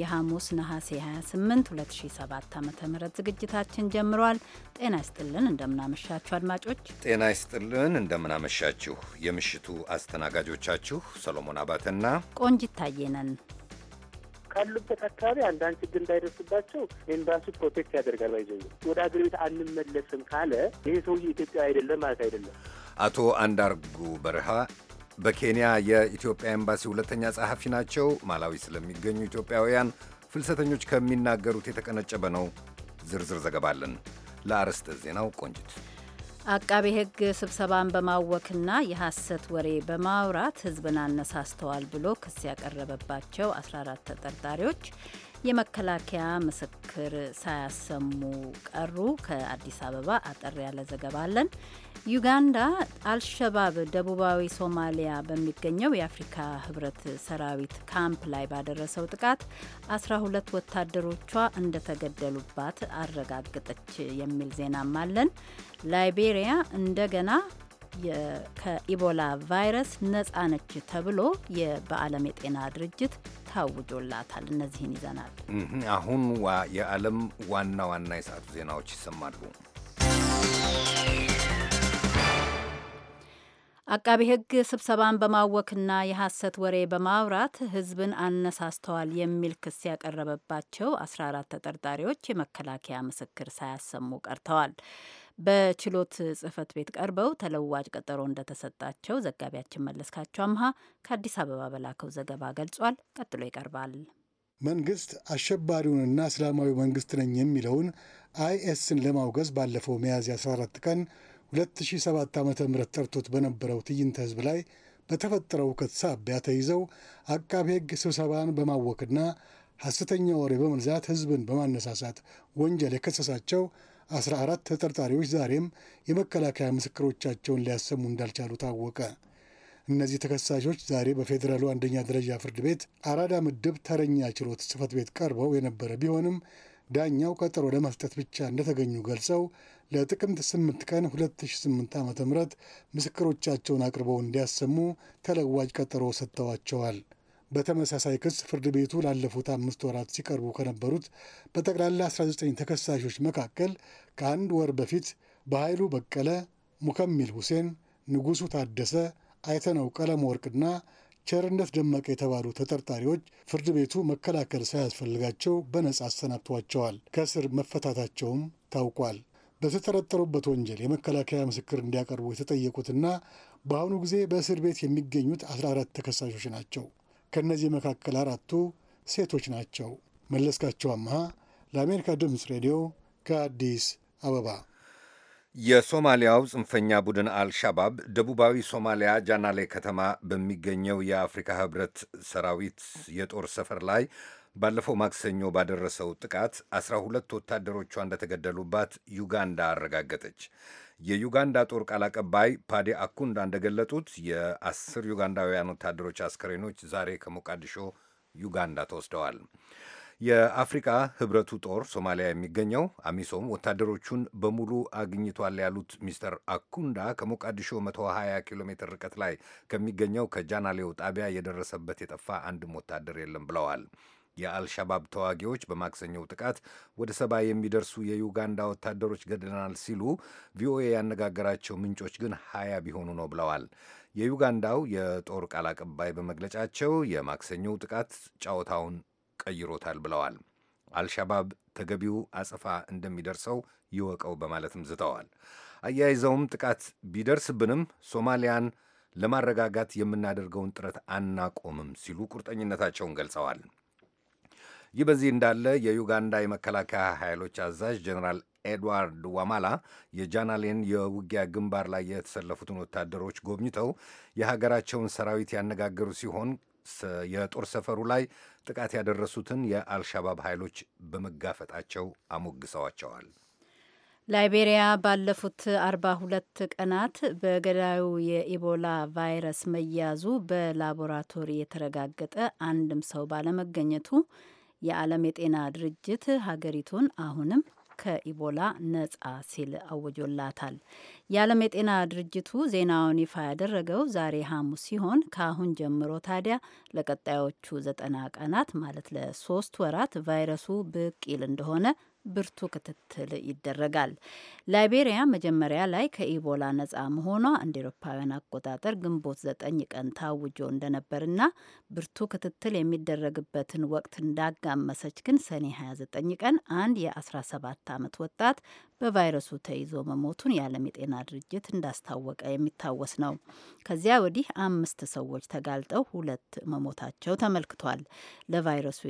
የሐሙስ ነሐሴ 28 2007 ዓ ም ዝግጅታችን ጀምሯል። ጤና ይስጥልን፣ እንደምናመሻችሁ አድማጮች። ጤና ይስጥልን፣ እንደምናመሻችሁ። የምሽቱ አስተናጋጆቻችሁ ሰሎሞን አባተና ቆንጂት ታየ ካሉት ካሉበት አካባቢ አንዳንድ ችግር እንዳይደርስባቸው ኤምባሲ ፕሮቴክት ያደርጋል። ባይዘ ወደ አገር ቤት አንመለስም ካለ ይህ ሰውዬ ኢትዮጵያ አይደለም ማለት አይደለም። አቶ አንዳርጉ በረሃ በኬንያ የኢትዮጵያ ኤምባሲ ሁለተኛ ጸሐፊ ናቸው። ማላዊ ስለሚገኙ ኢትዮጵያውያን ፍልሰተኞች ከሚናገሩት የተቀነጨበ ነው። ዝርዝር ዘገባለን። ለአርዕስተ ዜናው ቆንጅት። አቃቤ ሕግ ስብሰባን በማወክና የሐሰት ወሬ በማውራት ሕዝብን አነሳስተዋል ብሎ ክስ ያቀረበባቸው 14 ተጠርጣሪዎች የመከላከያ ምስክር ሳያሰሙ ቀሩ። ከአዲስ አበባ አጠር ያለ ዘገባ አለን። ዩጋንዳ አልሸባብ ደቡባዊ ሶማሊያ በሚገኘው የአፍሪካ ህብረት ሰራዊት ካምፕ ላይ ባደረሰው ጥቃት አስራ ሁለት ወታደሮቿ እንደተገደሉባት አረጋገጠች የሚል ዜናም አለን። ላይቤሪያ እንደገና ከኢቦላ ቫይረስ ነጻ ነች ተብሎ በዓለም የጤና ድርጅት ታውጆላታል። እነዚህን ይዘናል። አሁን የዓለም ዋና ዋና የሰዓቱ ዜናዎች ይሰማሉ። አቃቢ ሕግ ስብሰባን በማወክና የሐሰት ወሬ በማውራት ሕዝብን አነሳስተዋል የሚል ክስ ያቀረበባቸው 14 ተጠርጣሪዎች የመከላከያ ምስክር ሳያሰሙ ቀርተዋል። በችሎት ጽህፈት ቤት ቀርበው ተለዋጭ ቀጠሮ እንደተሰጣቸው ዘጋቢያችን መለስካቸው አምሃ ከአዲስ አበባ በላከው ዘገባ ገልጿል። ቀጥሎ ይቀርባል። መንግስት አሸባሪውንና እስላማዊ መንግስት ነኝ የሚለውን አይኤስን ለማውገዝ ባለፈው ሚያዝያ 14 ቀን 2007 ዓ ም ጠርቶት በነበረው ትዕይንተ ህዝብ ላይ በተፈጠረው ውከት ሳቢያ ተይዘው አቃቤ ሕግ ስብሰባን በማወክና ሐሰተኛ ወሬ በመንዛት ህዝብን በማነሳሳት ወንጀል የከሰሳቸው 14 ተጠርጣሪዎች ዛሬም የመከላከያ ምስክሮቻቸውን ሊያሰሙ እንዳልቻሉ ታወቀ። እነዚህ ተከሳሾች ዛሬ በፌዴራሉ አንደኛ ደረጃ ፍርድ ቤት አራዳ ምድብ ተረኛ ችሎት ጽፈት ቤት ቀርበው የነበረ ቢሆንም ዳኛው ቀጠሮ ለመስጠት ብቻ እንደተገኙ ገልጸው ለጥቅምት 8 ቀን 2008 ዓ.ም ምስክሮቻቸውን አቅርበው እንዲያሰሙ ተለዋጭ ቀጠሮ ሰጥተዋቸዋል። በተመሳሳይ ክስ ፍርድ ቤቱ ላለፉት አምስት ወራት ሲቀርቡ ከነበሩት በጠቅላላ 19 ተከሳሾች መካከል ከአንድ ወር በፊት በኃይሉ በቀለ፣ ሙከሚል ሁሴን፣ ንጉሱ ታደሰ፣ አይተነው ቀለም ወርቅና ቸርነት ደመቀ የተባሉ ተጠርጣሪዎች ፍርድ ቤቱ መከላከል ሳያስፈልጋቸው በነጻ አሰናብቷቸዋል። ከእስር መፈታታቸውም ታውቋል። በተጠረጠሩበት ወንጀል የመከላከያ ምስክር እንዲያቀርቡ የተጠየቁትና በአሁኑ ጊዜ በእስር ቤት የሚገኙት 14 ተከሳሾች ናቸው። ከእነዚህ መካከል አራቱ ሴቶች ናቸው። መለስካቸው አምሃ ለአሜሪካ ድምፅ ሬዲዮ ከአዲስ አበባ። የሶማሊያው ጽንፈኛ ቡድን አልሻባብ ደቡባዊ ሶማሊያ ጃናሌ ከተማ በሚገኘው የአፍሪካ ህብረት ሰራዊት የጦር ሰፈር ላይ ባለፈው ማክሰኞ ባደረሰው ጥቃት 12 ወታደሮቿ እንደተገደሉባት ዩጋንዳ አረጋገጠች። የዩጋንዳ ጦር ቃል አቀባይ ፓዲ አኩንዳ እንደገለጡት የአስር ዩጋንዳውያን ወታደሮች አስከሬኖች ዛሬ ከሞቃዲሾ ዩጋንዳ ተወስደዋል። የአፍሪካ ህብረቱ ጦር ሶማሊያ የሚገኘው አሚሶም ወታደሮቹን በሙሉ አግኝቷል ያሉት ሚስተር አኩንዳ ከሞቃዲሾ 120 ኪሎ ሜትር ርቀት ላይ ከሚገኘው ከጃናሌው ጣቢያ የደረሰበት የጠፋ አንድም ወታደር የለም ብለዋል። የአልሻባብ ተዋጊዎች በማክሰኘው ጥቃት ወደ ሰባ የሚደርሱ የዩጋንዳ ወታደሮች ገድለናል ሲሉ ቪኦኤ ያነጋገራቸው ምንጮች ግን ሀያ ቢሆኑ ነው ብለዋል። የዩጋንዳው የጦር ቃል አቀባይ በመግለጫቸው የማክሰኞው ጥቃት ጨዋታውን ቀይሮታል ብለዋል። አልሻባብ ተገቢው አጸፋ እንደሚደርሰው ይወቀው በማለትም ዝተዋል። አያይዘውም ጥቃት ቢደርስብንም ሶማሊያን ለማረጋጋት የምናደርገውን ጥረት አናቆምም ሲሉ ቁርጠኝነታቸውን ገልጸዋል። ይህ በዚህ እንዳለ የዩጋንዳ የመከላከያ ኃይሎች አዛዥ ጀኔራል ኤድዋርድ ዋማላ የጃናሌን የውጊያ ግንባር ላይ የተሰለፉትን ወታደሮች ጎብኝተው የሀገራቸውን ሰራዊት ያነጋገሩ ሲሆን የጦር ሰፈሩ ላይ ጥቃት ያደረሱትን የአልሻባብ ኃይሎች በመጋፈጣቸው አሞግሰዋቸዋል። ላይቤሪያ ባለፉት አርባ ሁለት ቀናት በገዳዩ የኢቦላ ቫይረስ መያዙ በላቦራቶሪ የተረጋገጠ አንድም ሰው ባለመገኘቱ የዓለም የጤና ድርጅት ሀገሪቱን አሁንም ከኢቦላ ነጻ ሲል አውጆላታል። የዓለም የጤና ድርጅቱ ዜናውን ይፋ ያደረገው ዛሬ ሐሙስ ሲሆን ከአሁን ጀምሮ ታዲያ ለቀጣዮቹ ዘጠና ቀናት ማለት ለሶስት ወራት ቫይረሱ ብቅ ይል እንደሆነ ብርቱ ክትትል ይደረጋል። ላይቤሪያ መጀመሪያ ላይ ከኢቦላ ነጻ መሆኗ እንደ ኤሮፓውያን አቆጣጠር ግንቦት ዘጠኝ ቀን ታውጆ እንደነበርና ብርቱ ክትትል የሚደረግበትን ወቅት እንዳጋመሰች ግን ሰኔ 29 ቀን አንድ የ17 ዓመት ወጣት በቫይረሱ ተይዞ መሞቱን የዓለም የጤና ድርጅት እንዳስታወቀ የሚታወስ ነው። ከዚያ ወዲህ አምስት ሰዎች ተጋልጠው ሁለት መሞታቸው ተመልክቷል። ለቫይረሱ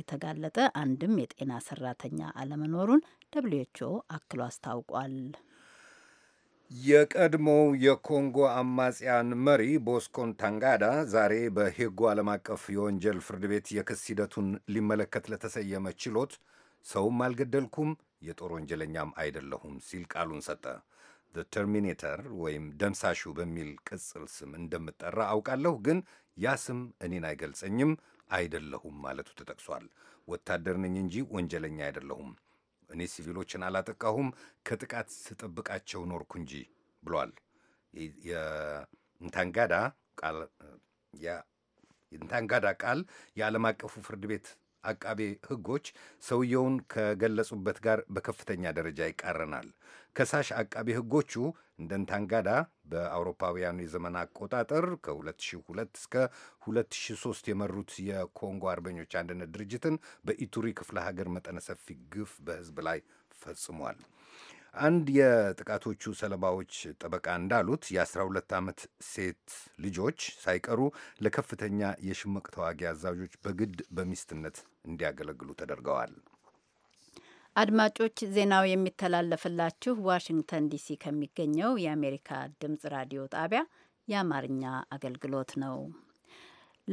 የተጋለጠ አንድም የጤና ሰራተኛ አለመኖሩን ደብልዩ ኤች ኦ አክሎ አስታውቋል። የቀድሞው የኮንጎ አማጽያን መሪ ቦስኮን ታንጋዳ ዛሬ በሄጎ ዓለም አቀፍ የወንጀል ፍርድ ቤት የክስ ሂደቱን ሊመለከት ለተሰየመ ችሎት ሰውም አልገደልኩም የጦር ወንጀለኛም አይደለሁም ሲል ቃሉን ሰጠ። ዘ ተርሚኔተር ወይም ደምሳሹ በሚል ቅጽል ስም እንደምጠራ አውቃለሁ፣ ግን ያ ስም እኔን አይገልጸኝም፣ አይደለሁም ማለቱ ተጠቅሷል። ወታደር ነኝ እንጂ ወንጀለኛ አይደለሁም። እኔ ሲቪሎችን አላጠቃሁም፣ ከጥቃት ስጠብቃቸው ኖርኩ እንጂ ብሏል። የንታንጋዳ ቃል የዓለም አቀፉ ፍርድ ቤት አቃቤ ሕጎች ሰውየውን ከገለጹበት ጋር በከፍተኛ ደረጃ ይቃረናል። ከሳሽ አቃቤ ሕጎቹ እንደንታንጋዳ በአውሮፓውያኑ የዘመን አቆጣጠር ከ2002 እስከ 2003 የመሩት የኮንጎ አርበኞች አንድነት ድርጅትን በኢቱሪ ክፍለ ሀገር መጠነ ሰፊ ግፍ በህዝብ ላይ ፈጽሟል። አንድ የጥቃቶቹ ሰለባዎች ጠበቃ እንዳሉት የ12 ዓመት ሴት ልጆች ሳይቀሩ ለከፍተኛ የሽምቅ ተዋጊ አዛዦች በግድ በሚስትነት እንዲያገለግሉ ተደርገዋል። አድማጮች፣ ዜናው የሚተላለፍላችሁ ዋሽንግተን ዲሲ ከሚገኘው የአሜሪካ ድምጽ ራዲዮ ጣቢያ የአማርኛ አገልግሎት ነው።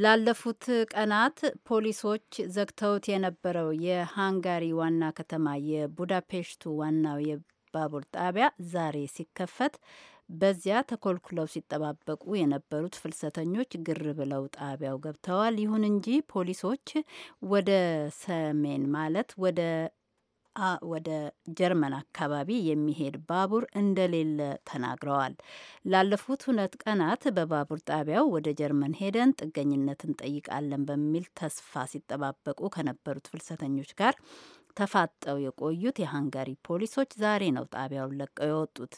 ላለፉት ቀናት ፖሊሶች ዘግተውት የነበረው የሃንጋሪ ዋና ከተማ የቡዳፔሽቱ ዋናው ባቡር ጣቢያ ዛሬ ሲከፈት በዚያ ተኮልኩለው ሲጠባበቁ የነበሩት ፍልሰተኞች ግር ብለው ጣቢያው ገብተዋል። ይሁን እንጂ ፖሊሶች ወደ ሰሜን ማለት ወደ ወደ ጀርመን አካባቢ የሚሄድ ባቡር እንደሌለ ተናግረዋል። ላለፉት ሁለት ቀናት በባቡር ጣቢያው ወደ ጀርመን ሄደን ጥገኝነት እንጠይቃለን በሚል ተስፋ ሲጠባበቁ ከነበሩት ፍልሰተኞች ጋር ተፋጠው የቆዩት የሃንጋሪ ፖሊሶች ዛሬ ነው ጣቢያውን ለቀው የወጡት።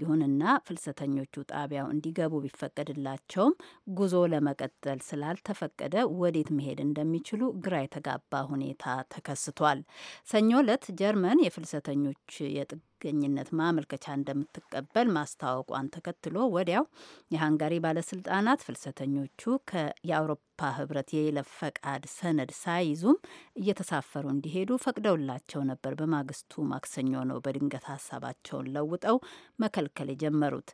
ይሁንና ፍልሰተኞቹ ጣቢያው እንዲገቡ ቢፈቀድላቸውም ጉዞ ለመቀጠል ስላልተፈቀደ ወዴት መሄድ እንደሚችሉ ግራ የተጋባ ሁኔታ ተከስቷል። ሰኞ ዕለት ጀርመን የፍልሰተኞች የጥ የጥገኝነት ማመልከቻ እንደምትቀበል ማስታወቋን ተከትሎ ወዲያው የሃንጋሪ ባለስልጣናት ፍልሰተኞቹ ከየአውሮፓ ህብረት የይለፍ ፈቃድ ሰነድ ሳይዙም እየተሳፈሩ እንዲሄዱ ፈቅደውላቸው ነበር። በማግስቱ ማክሰኞ ነው በድንገት ሀሳባቸውን ለውጠው መከልከል የጀመሩት።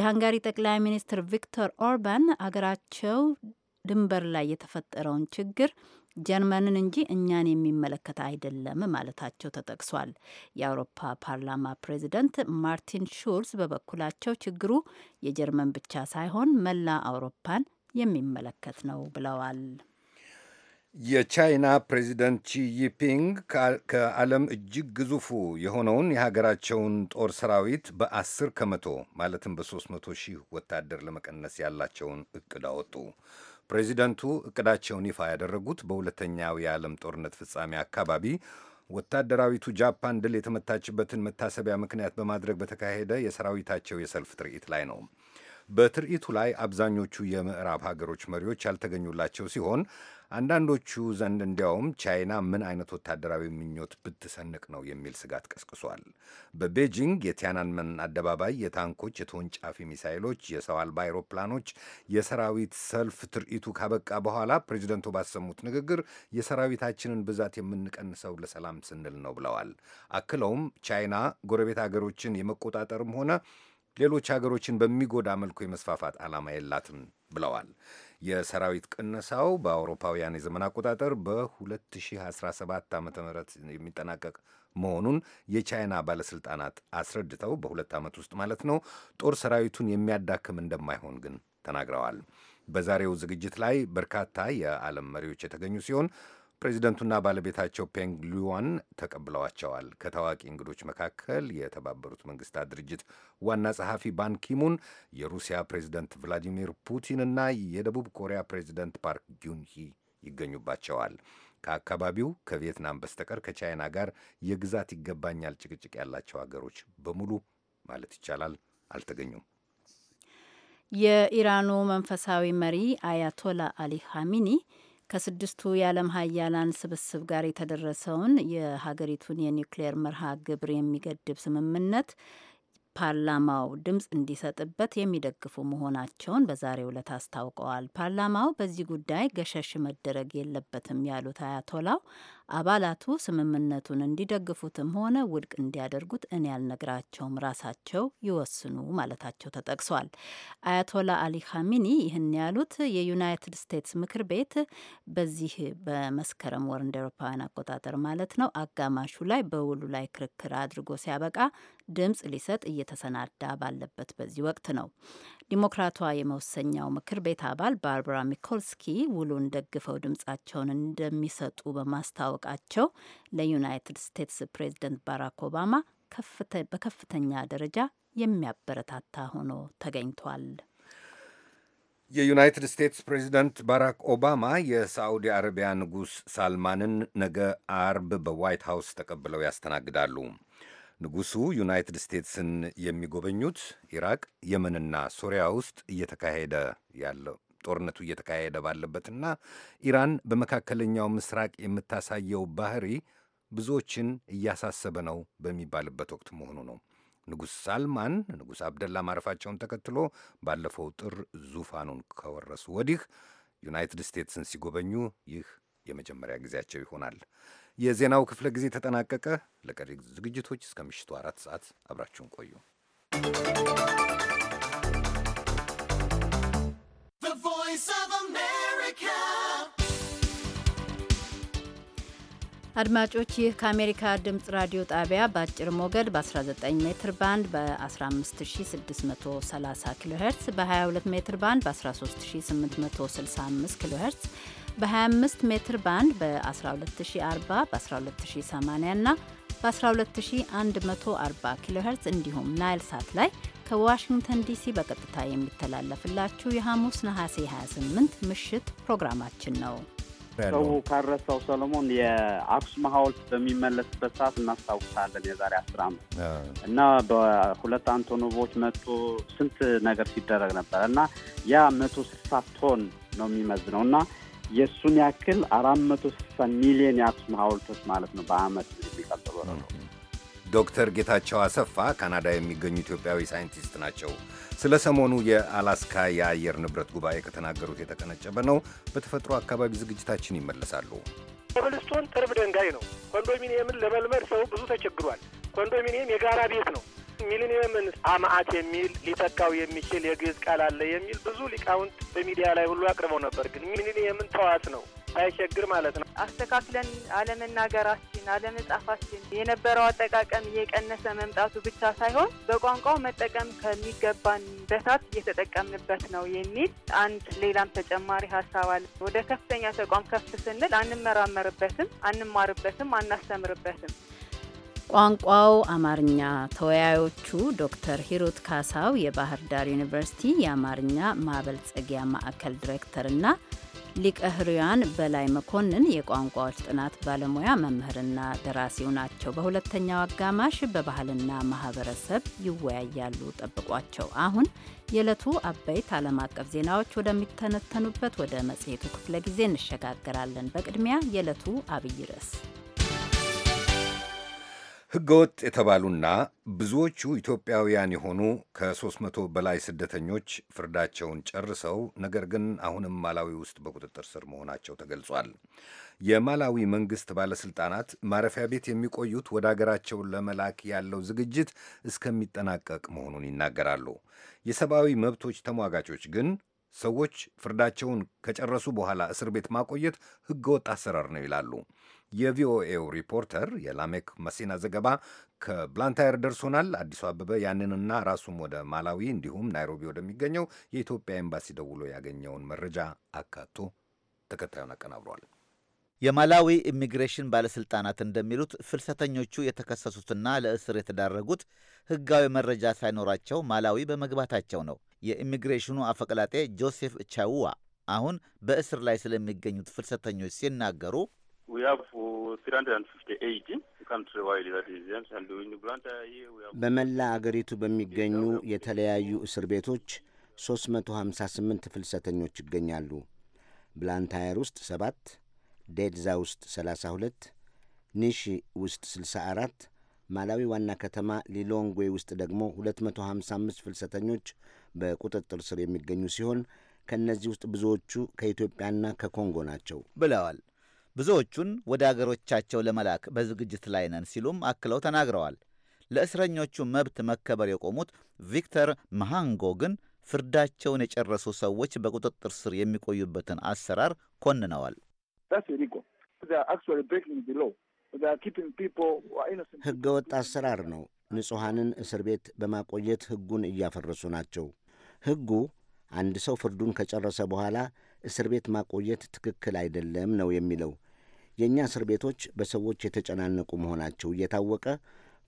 የሃንጋሪ ጠቅላይ ሚኒስትር ቪክቶር ኦርባን አገራቸው ድንበር ላይ የተፈጠረውን ችግር ጀርመንን እንጂ እኛን የሚመለከት አይደለም ማለታቸው ተጠቅሷል። የአውሮፓ ፓርላማ ፕሬዚደንት ማርቲን ሹልስ በበኩላቸው ችግሩ የጀርመን ብቻ ሳይሆን መላ አውሮፓን የሚመለከት ነው ብለዋል። የቻይና ፕሬዚደንት ሺ ጂንፒንግ ከዓለም እጅግ ግዙፉ የሆነውን የሀገራቸውን ጦር ሰራዊት በአስር ከመቶ ማለትም በሦስት መቶ ሺህ ወታደር ለመቀነስ ያላቸውን እቅድ አወጡ። ፕሬዚደንቱ እቅዳቸውን ይፋ ያደረጉት በሁለተኛው የዓለም ጦርነት ፍጻሜ አካባቢ ወታደራዊቱ ጃፓን ድል የተመታችበትን መታሰቢያ ምክንያት በማድረግ በተካሄደ የሰራዊታቸው የሰልፍ ትርኢት ላይ ነው። በትርኢቱ ላይ አብዛኞቹ የምዕራብ ሀገሮች መሪዎች ያልተገኙላቸው ሲሆን አንዳንዶቹ ዘንድ እንዲያውም ቻይና ምን አይነት ወታደራዊ ምኞት ብትሰንቅ ነው የሚል ስጋት ቀስቅሷል። በቤጂንግ የቲያናንመን አደባባይ የታንኮች፣ የተወንጫፊ ሚሳይሎች፣ የሰው አልባ አይሮፕላኖች የሰራዊት ሰልፍ ትርኢቱ ካበቃ በኋላ ፕሬዚደንቱ ባሰሙት ንግግር የሰራዊታችንን ብዛት የምንቀንሰው ለሰላም ስንል ነው ብለዋል። አክለውም ቻይና ጎረቤት ሀገሮችን የመቆጣጠርም ሆነ ሌሎች ሀገሮችን በሚጎዳ መልኩ የመስፋፋት ዓላማ የላትም ብለዋል። የሰራዊት ቅነሳው በአውሮፓውያን የዘመን አቆጣጠር በ2017 ዓ ም የሚጠናቀቅ መሆኑን የቻይና ባለሥልጣናት አስረድተው በሁለት ዓመት ውስጥ ማለት ነው ጦር ሰራዊቱን የሚያዳክም እንደማይሆን ግን ተናግረዋል። በዛሬው ዝግጅት ላይ በርካታ የዓለም መሪዎች የተገኙ ሲሆን ፕሬዚደንቱና ባለቤታቸው ፔንግ ሉዋን ተቀብለዋቸዋል። ከታዋቂ እንግዶች መካከል የተባበሩት መንግስታት ድርጅት ዋና ጸሐፊ ባንኪሙን፣ የሩሲያ ፕሬዚደንት ቭላዲሚር ፑቲንና የደቡብ ኮሪያ ፕሬዚደንት ፓርክ ጁንሂ ይገኙባቸዋል። ከአካባቢው ከቪየትናም በስተቀር ከቻይና ጋር የግዛት ይገባኛል ጭቅጭቅ ያላቸው ሀገሮች በሙሉ ማለት ይቻላል አልተገኙም። የኢራኑ መንፈሳዊ መሪ አያቶላ አሊ ኻሚኒ ከስድስቱ የዓለም ሀያላን ስብስብ ጋር የተደረሰውን የሀገሪቱን የኒውክሌር መርሃ ግብር የሚገድብ ስምምነት ፓርላማው ድምፅ እንዲሰጥበት የሚደግፉ መሆናቸውን በዛሬው ዕለት አስታውቀዋል። ፓርላማው በዚህ ጉዳይ ገሸሽ መደረግ የለበትም ያሉት አያቶላው አባላቱ ስምምነቱን እንዲደግፉትም ሆነ ውድቅ እንዲያደርጉት እኔ ያልነግራቸውም ራሳቸው ይወስኑ ማለታቸው ተጠቅሷል። አያቶላ አሊ ካሚኒ ይህን ያሉት የዩናይትድ ስቴትስ ምክር ቤት በዚህ በመስከረም ወር እንደ አውሮፓውያን አቆጣጠር ማለት ነው አጋማሹ ላይ በውሉ ላይ ክርክር አድርጎ ሲያበቃ ድምጽ ሊሰጥ እየተሰናዳ ባለበት በዚህ ወቅት ነው። ዲሞክራቷ የመወሰኛው ምክር ቤት አባል ባርባራ ሚኮልስኪ ውሉን ደግፈው ድምጻቸውን እንደሚሰጡ በማስታወቃቸው ለዩናይትድ ስቴትስ ፕሬዝደንት ባራክ ኦባማ በከፍተኛ ደረጃ የሚያበረታታ ሆኖ ተገኝቷል። የዩናይትድ ስቴትስ ፕሬዚደንት ባራክ ኦባማ የሳዑዲ አረቢያ ንጉሥ ሳልማንን ነገ አርብ በዋይት ሃውስ ተቀብለው ያስተናግዳሉ። ንጉሡ ዩናይትድ ስቴትስን የሚጎበኙት ኢራቅ፣ የመንና ሶሪያ ውስጥ እየተካሄደ ያለው ጦርነቱ እየተካሄደ ባለበትና ኢራን በመካከለኛው ምስራቅ የምታሳየው ባህሪ ብዙዎችን እያሳሰበ ነው በሚባልበት ወቅት መሆኑ ነው። ንጉሥ ሳልማን ንጉሥ አብደላ ማረፋቸውን ተከትሎ ባለፈው ጥር ዙፋኑን ከወረሱ ወዲህ ዩናይትድ ስቴትስን ሲጎበኙ ይህ የመጀመሪያ ጊዜያቸው ይሆናል። የዜናው ክፍለ ጊዜ ተጠናቀቀ። ለቀሪ ዝግጅቶች እስከ ምሽቱ አራት ሰዓት አብራችሁን ቆዩ። አድማጮች ይህ ከአሜሪካ ድምጽ ራዲዮ ጣቢያ በአጭር ሞገድ በ19 ሜትር ባንድ በ15630 ኪሎ ሄርትስ በ22 ሜትር ባንድ በ13865 ኪሎ ሄርትስ በ25 ሜትር ባንድ በ12040 በ12080 እና በ12140 ኪሎ ሄርዝ እንዲሁም ናይል ሳት ላይ ከዋሽንግተን ዲሲ በቀጥታ የሚተላለፍላችሁ የሐሙስ ነሐሴ 28 ምሽት ፕሮግራማችን ነው። ሰው ካረሳው ሰሎሞን የአክሱም ሐውልት በሚመለስበት ሰዓት እናስታውሳለን። የዛሬ አስር ዓመት እና በሁለት አንቶኖቮች መቶ ስንት ነገር ሲደረግ ነበር እና ያ መቶ ስልሳ ቶን ነው የሚመዝነው እና የእሱን ያክል አራት መቶ ስልሳ ሚሊዮን የአክሱም ሀውልቶች ማለት ነው በአመት የሚቀጥለው ነው። ዶክተር ጌታቸው አሰፋ ካናዳ የሚገኙ ኢትዮጵያዊ ሳይንቲስት ናቸው። ስለ ሰሞኑ የአላስካ የአየር ንብረት ጉባኤ ከተናገሩት የተቀነጨበ ነው። በተፈጥሮ አካባቢ ዝግጅታችን ይመለሳሉ። የብልስቶን ጥርብ ድንጋይ ነው። ኮንዶሚኒየምን ለመልመድ ሰው ብዙ ተቸግሯል። ኮንዶሚኒየም የጋራ ቤት ነው። ሚሊኒየምን አማአት የሚል ሊተካው የሚችል የግዕዝ ቃል አለ የሚል ብዙ ሊቃውንት በሚዲያ ላይ ሁሉ አቅርበው ነበር። ግን ሚሊኒየምን ተዋት ነው ሳይቸግር ማለት ነው። አስተካክለን አለመናገራችን፣ አለመጻፋችን የነበረው አጠቃቀም እየቀነሰ መምጣቱ ብቻ ሳይሆን በቋንቋው መጠቀም ከሚገባን በታች እየተጠቀምንበት ነው የሚል አንድ ሌላም ተጨማሪ ሀሳብ አለ። ወደ ከፍተኛ ተቋም ከፍ ስንል አንመራመርበትም፣ አንማርበትም፣ አናስተምርበትም። ቋንቋው አማርኛ ተወያዮቹ ዶክተር ሂሩት ካሳው የባህር ዳር ዩኒቨርሲቲ የአማርኛ ማበልጸጊያ ማዕከል ዲሬክተርና ሊቀ ሕሩያን በላይ መኮንን የቋንቋዎች ጥናት ባለሙያ መምህርና ደራሲው ናቸው። በሁለተኛው አጋማሽ በባህልና ማህበረሰብ ይወያያሉ። ጠብቋቸው። አሁን የዕለቱ አበይት ዓለም አቀፍ ዜናዎች ወደሚተነተኑበት ወደ መጽሔቱ ክፍለ ጊዜ እንሸጋገራለን። በቅድሚያ የዕለቱ አብይ ርዕስ ህገወጥ የተባሉና ብዙዎቹ ኢትዮጵያውያን የሆኑ ከ300 በላይ ስደተኞች ፍርዳቸውን ጨርሰው ነገር ግን አሁንም ማላዊ ውስጥ በቁጥጥር ስር መሆናቸው ተገልጿል። የማላዊ መንግሥት ባለሥልጣናት ማረፊያ ቤት የሚቆዩት ወደ አገራቸው ለመላክ ያለው ዝግጅት እስከሚጠናቀቅ መሆኑን ይናገራሉ። የሰብአዊ መብቶች ተሟጋቾች ግን ሰዎች ፍርዳቸውን ከጨረሱ በኋላ እስር ቤት ማቆየት ህገወጥ አሰራር ነው ይላሉ። የቪኦኤው ሪፖርተር የላሜክ መሲና ዘገባ ከብላንታየር ደርሶናል። አዲሱ አበበ ያንንና ራሱም ወደ ማላዊ እንዲሁም ናይሮቢ ወደሚገኘው የኢትዮጵያ ኤምባሲ ደውሎ ያገኘውን መረጃ አካቶ ተከታዩን አቀናብሯል። የማላዊ ኢሚግሬሽን ባለሥልጣናት እንደሚሉት ፍልሰተኞቹ የተከሰሱትና ለእስር የተዳረጉት ሕጋዊ መረጃ ሳይኖራቸው ማላዊ በመግባታቸው ነው። የኢሚግሬሽኑ አፈቀላጤ ጆሴፍ ቻውዋ አሁን በእስር ላይ ስለሚገኙት ፍልሰተኞች ሲናገሩ Uh, በመላ አገሪቱ በሚገኙ የተለያዩ እስር ቤቶች 358 ፍልሰተኞች ይገኛሉ። ብላንታየር ውስጥ ሰባት፣ ዴድዛ ውስጥ 32፣ ኒሺ ውስጥ 64 ማላዊ ዋና ከተማ ሊሎንግዌ ውስጥ ደግሞ 255 ፍልሰተኞች በቁጥጥር ስር የሚገኙ ሲሆን ከእነዚህ ውስጥ ብዙዎቹ ከኢትዮጵያና ከኮንጎ ናቸው ብለዋል ብዙዎቹን ወደ አገሮቻቸው ለመላክ በዝግጅት ላይ ነን ሲሉም አክለው ተናግረዋል። ለእስረኞቹ መብት መከበር የቆሙት ቪክተር መሃንጎ ግን ፍርዳቸውን የጨረሱ ሰዎች በቁጥጥር ስር የሚቆዩበትን አሰራር ኮንነዋል። ህገወጥ አሰራር ነው። ንጹሐንን እስር ቤት በማቆየት ሕጉን እያፈረሱ ናቸው። ሕጉ አንድ ሰው ፍርዱን ከጨረሰ በኋላ እስር ቤት ማቆየት ትክክል አይደለም ነው የሚለው። የእኛ እስር ቤቶች በሰዎች የተጨናነቁ መሆናቸው እየታወቀ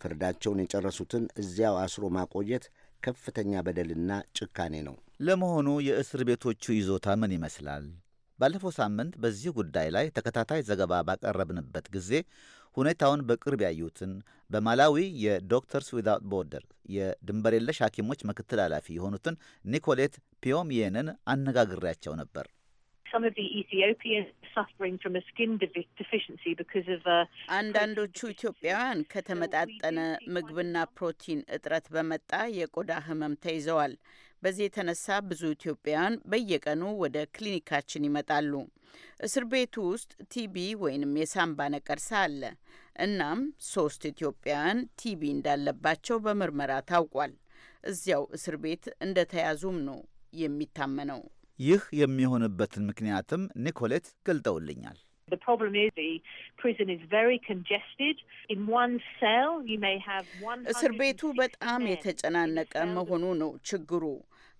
ፍርዳቸውን የጨረሱትን እዚያው አስሮ ማቆየት ከፍተኛ በደልና ጭካኔ ነው። ለመሆኑ የእስር ቤቶቹ ይዞታ ምን ይመስላል? ባለፈው ሳምንት በዚህ ጉዳይ ላይ ተከታታይ ዘገባ ባቀረብንበት ጊዜ ሁኔታውን በቅርብ ያዩትን በማላዊ የዶክተርስ ዊዛውት ቦርደር የድንበር የለሽ ሐኪሞች ምክትል ኃላፊ የሆኑትን ኒኮሌት ፒዮምየንን አነጋግሬያቸው ነበር። አንዳንዶቹ ኢትዮጵያውያን ከተመጣጠነ ምግብና ፕሮቲን እጥረት በመጣ የቆዳ ህመም ተይዘዋል። በዚህ የተነሳ ብዙ ኢትዮጵያውያን በየቀኑ ወደ ክሊኒካችን ይመጣሉ። እስር ቤቱ ውስጥ ቲቢ ወይንም የሳምባ ነቀርሳ አለ። እናም ሶስት ኢትዮጵያውያን ቲቢ እንዳለባቸው በምርመራ ታውቋል። እዚያው እስር ቤት እንደተያዙም ነው የሚታመነው። ይህ የሚሆንበትን ምክንያትም ኒኮሌት ገልጠውልኛል። እስር ቤቱ በጣም የተጨናነቀ መሆኑ ነው ችግሩ።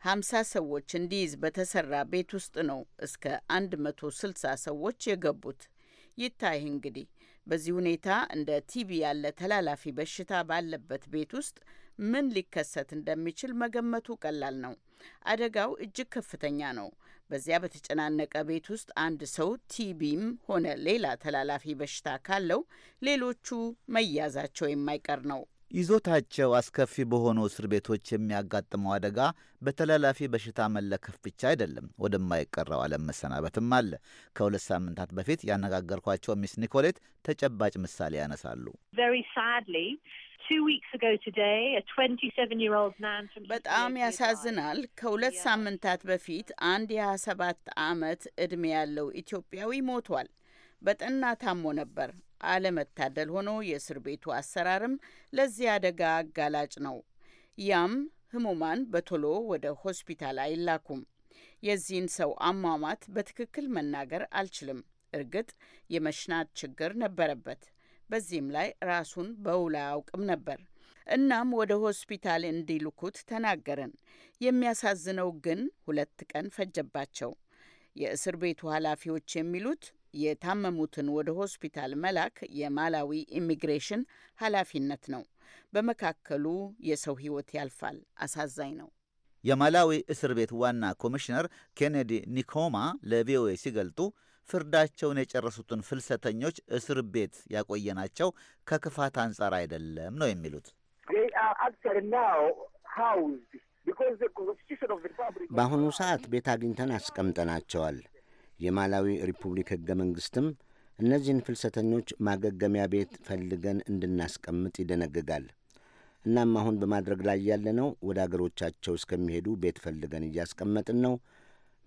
ሀምሳ ሰዎች እንዲይዝ በተሰራ ቤት ውስጥ ነው እስከ አንድ መቶ ስልሳ ሰዎች የገቡት። ይታይ እንግዲህ በዚህ ሁኔታ እንደ ቲቪ ያለ ተላላፊ በሽታ ባለበት ቤት ውስጥ ምን ሊከሰት እንደሚችል መገመቱ ቀላል ነው። አደጋው እጅግ ከፍተኛ ነው። በዚያ በተጨናነቀ ቤት ውስጥ አንድ ሰው ቲቢም ሆነ ሌላ ተላላፊ በሽታ ካለው ሌሎቹ መያዛቸው የማይቀር ነው። ይዞታቸው አስከፊ በሆኑ እስር ቤቶች የሚያጋጥመው አደጋ በተላላፊ በሽታ መለከፍ ብቻ አይደለም፣ ወደማይቀረው ዓለም መሰናበትም አለ። ከሁለት ሳምንታት በፊት ያነጋገርኳቸው ሚስ ኒኮሌት ተጨባጭ ምሳሌ ያነሳሉ። በጣም ያሳዝናል። ከሁለት ሳምንታት በፊት አንድ የ27 ዓመት ዕድሜ ያለው ኢትዮጵያዊ ሞቷል። በጠና ታሞ ነበር። አለመታደል ሆኖ የእስር ቤቱ አሰራርም ለዚህ አደጋ አጋላጭ ነው። ያም ህሙማን በቶሎ ወደ ሆስፒታል አይላኩም። የዚህን ሰው አሟሟት በትክክል መናገር አልችልም። እርግጥ የመሽናት ችግር ነበረበት። በዚህም ላይ ራሱን በውል አያውቅም ነበር። እናም ወደ ሆስፒታል እንዲልኩት ተናገርን። የሚያሳዝነው ግን ሁለት ቀን ፈጀባቸው። የእስር ቤቱ ኃላፊዎች የሚሉት የታመሙትን ወደ ሆስፒታል መላክ የማላዊ ኢሚግሬሽን ኃላፊነት ነው። በመካከሉ የሰው ሕይወት ያልፋል። አሳዛኝ ነው። የማላዊ እስር ቤት ዋና ኮሚሽነር ኬኔዲ ኒኮማ ለቪኦኤ ሲገልጡ ፍርዳቸውን የጨረሱትን ፍልሰተኞች እስር ቤት ያቆየናቸው ከክፋት አንጻር አይደለም ነው የሚሉት። በአሁኑ ሰዓት ቤት አግኝተን አስቀምጠናቸዋል። የማላዊ ሪፑብሊክ ሕገ መንግሥትም እነዚህን ፍልሰተኞች ማገገሚያ ቤት ፈልገን እንድናስቀምጥ ይደነግጋል። እናም አሁን በማድረግ ላይ ያለነው ወደ አገሮቻቸው እስከሚሄዱ ቤት ፈልገን እያስቀመጥን ነው።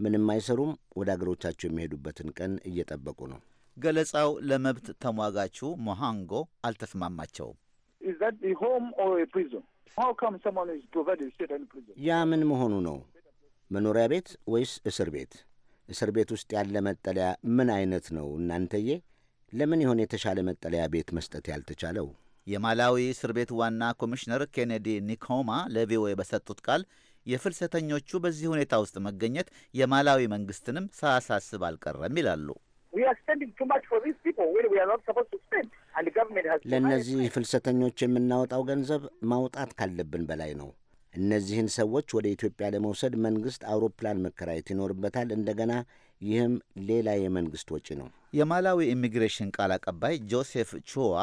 ምንም አይሰሩም። ወደ አገሮቻቸው የሚሄዱበትን ቀን እየጠበቁ ነው። ገለጻው ለመብት ተሟጋቹ ሞሃንጎ አልተስማማቸውም። ያ ምን መሆኑ ነው? መኖሪያ ቤት ወይስ እስር ቤት? እስር ቤት ውስጥ ያለ መጠለያ ምን አይነት ነው? እናንተዬ ለምን ይሆን የተሻለ መጠለያ ቤት መስጠት ያልተቻለው? የማላዊ እስር ቤት ዋና ኮሚሽነር ኬኔዲ ኒኮማ ለቪኦኤ በሰጡት ቃል የፍልሰተኞቹ በዚህ ሁኔታ ውስጥ መገኘት የማላዊ መንግስትንም ሳያሳስብ አልቀረም ይላሉ። ለእነዚህ ፍልሰተኞች የምናወጣው ገንዘብ ማውጣት ካለብን በላይ ነው። እነዚህን ሰዎች ወደ ኢትዮጵያ ለመውሰድ መንግስት አውሮፕላን መከራየት ይኖርበታል። እንደገና ይህም ሌላ የመንግስት ወጪ ነው። የማላዊ ኢሚግሬሽን ቃል አቀባይ ጆሴፍ ቹዋ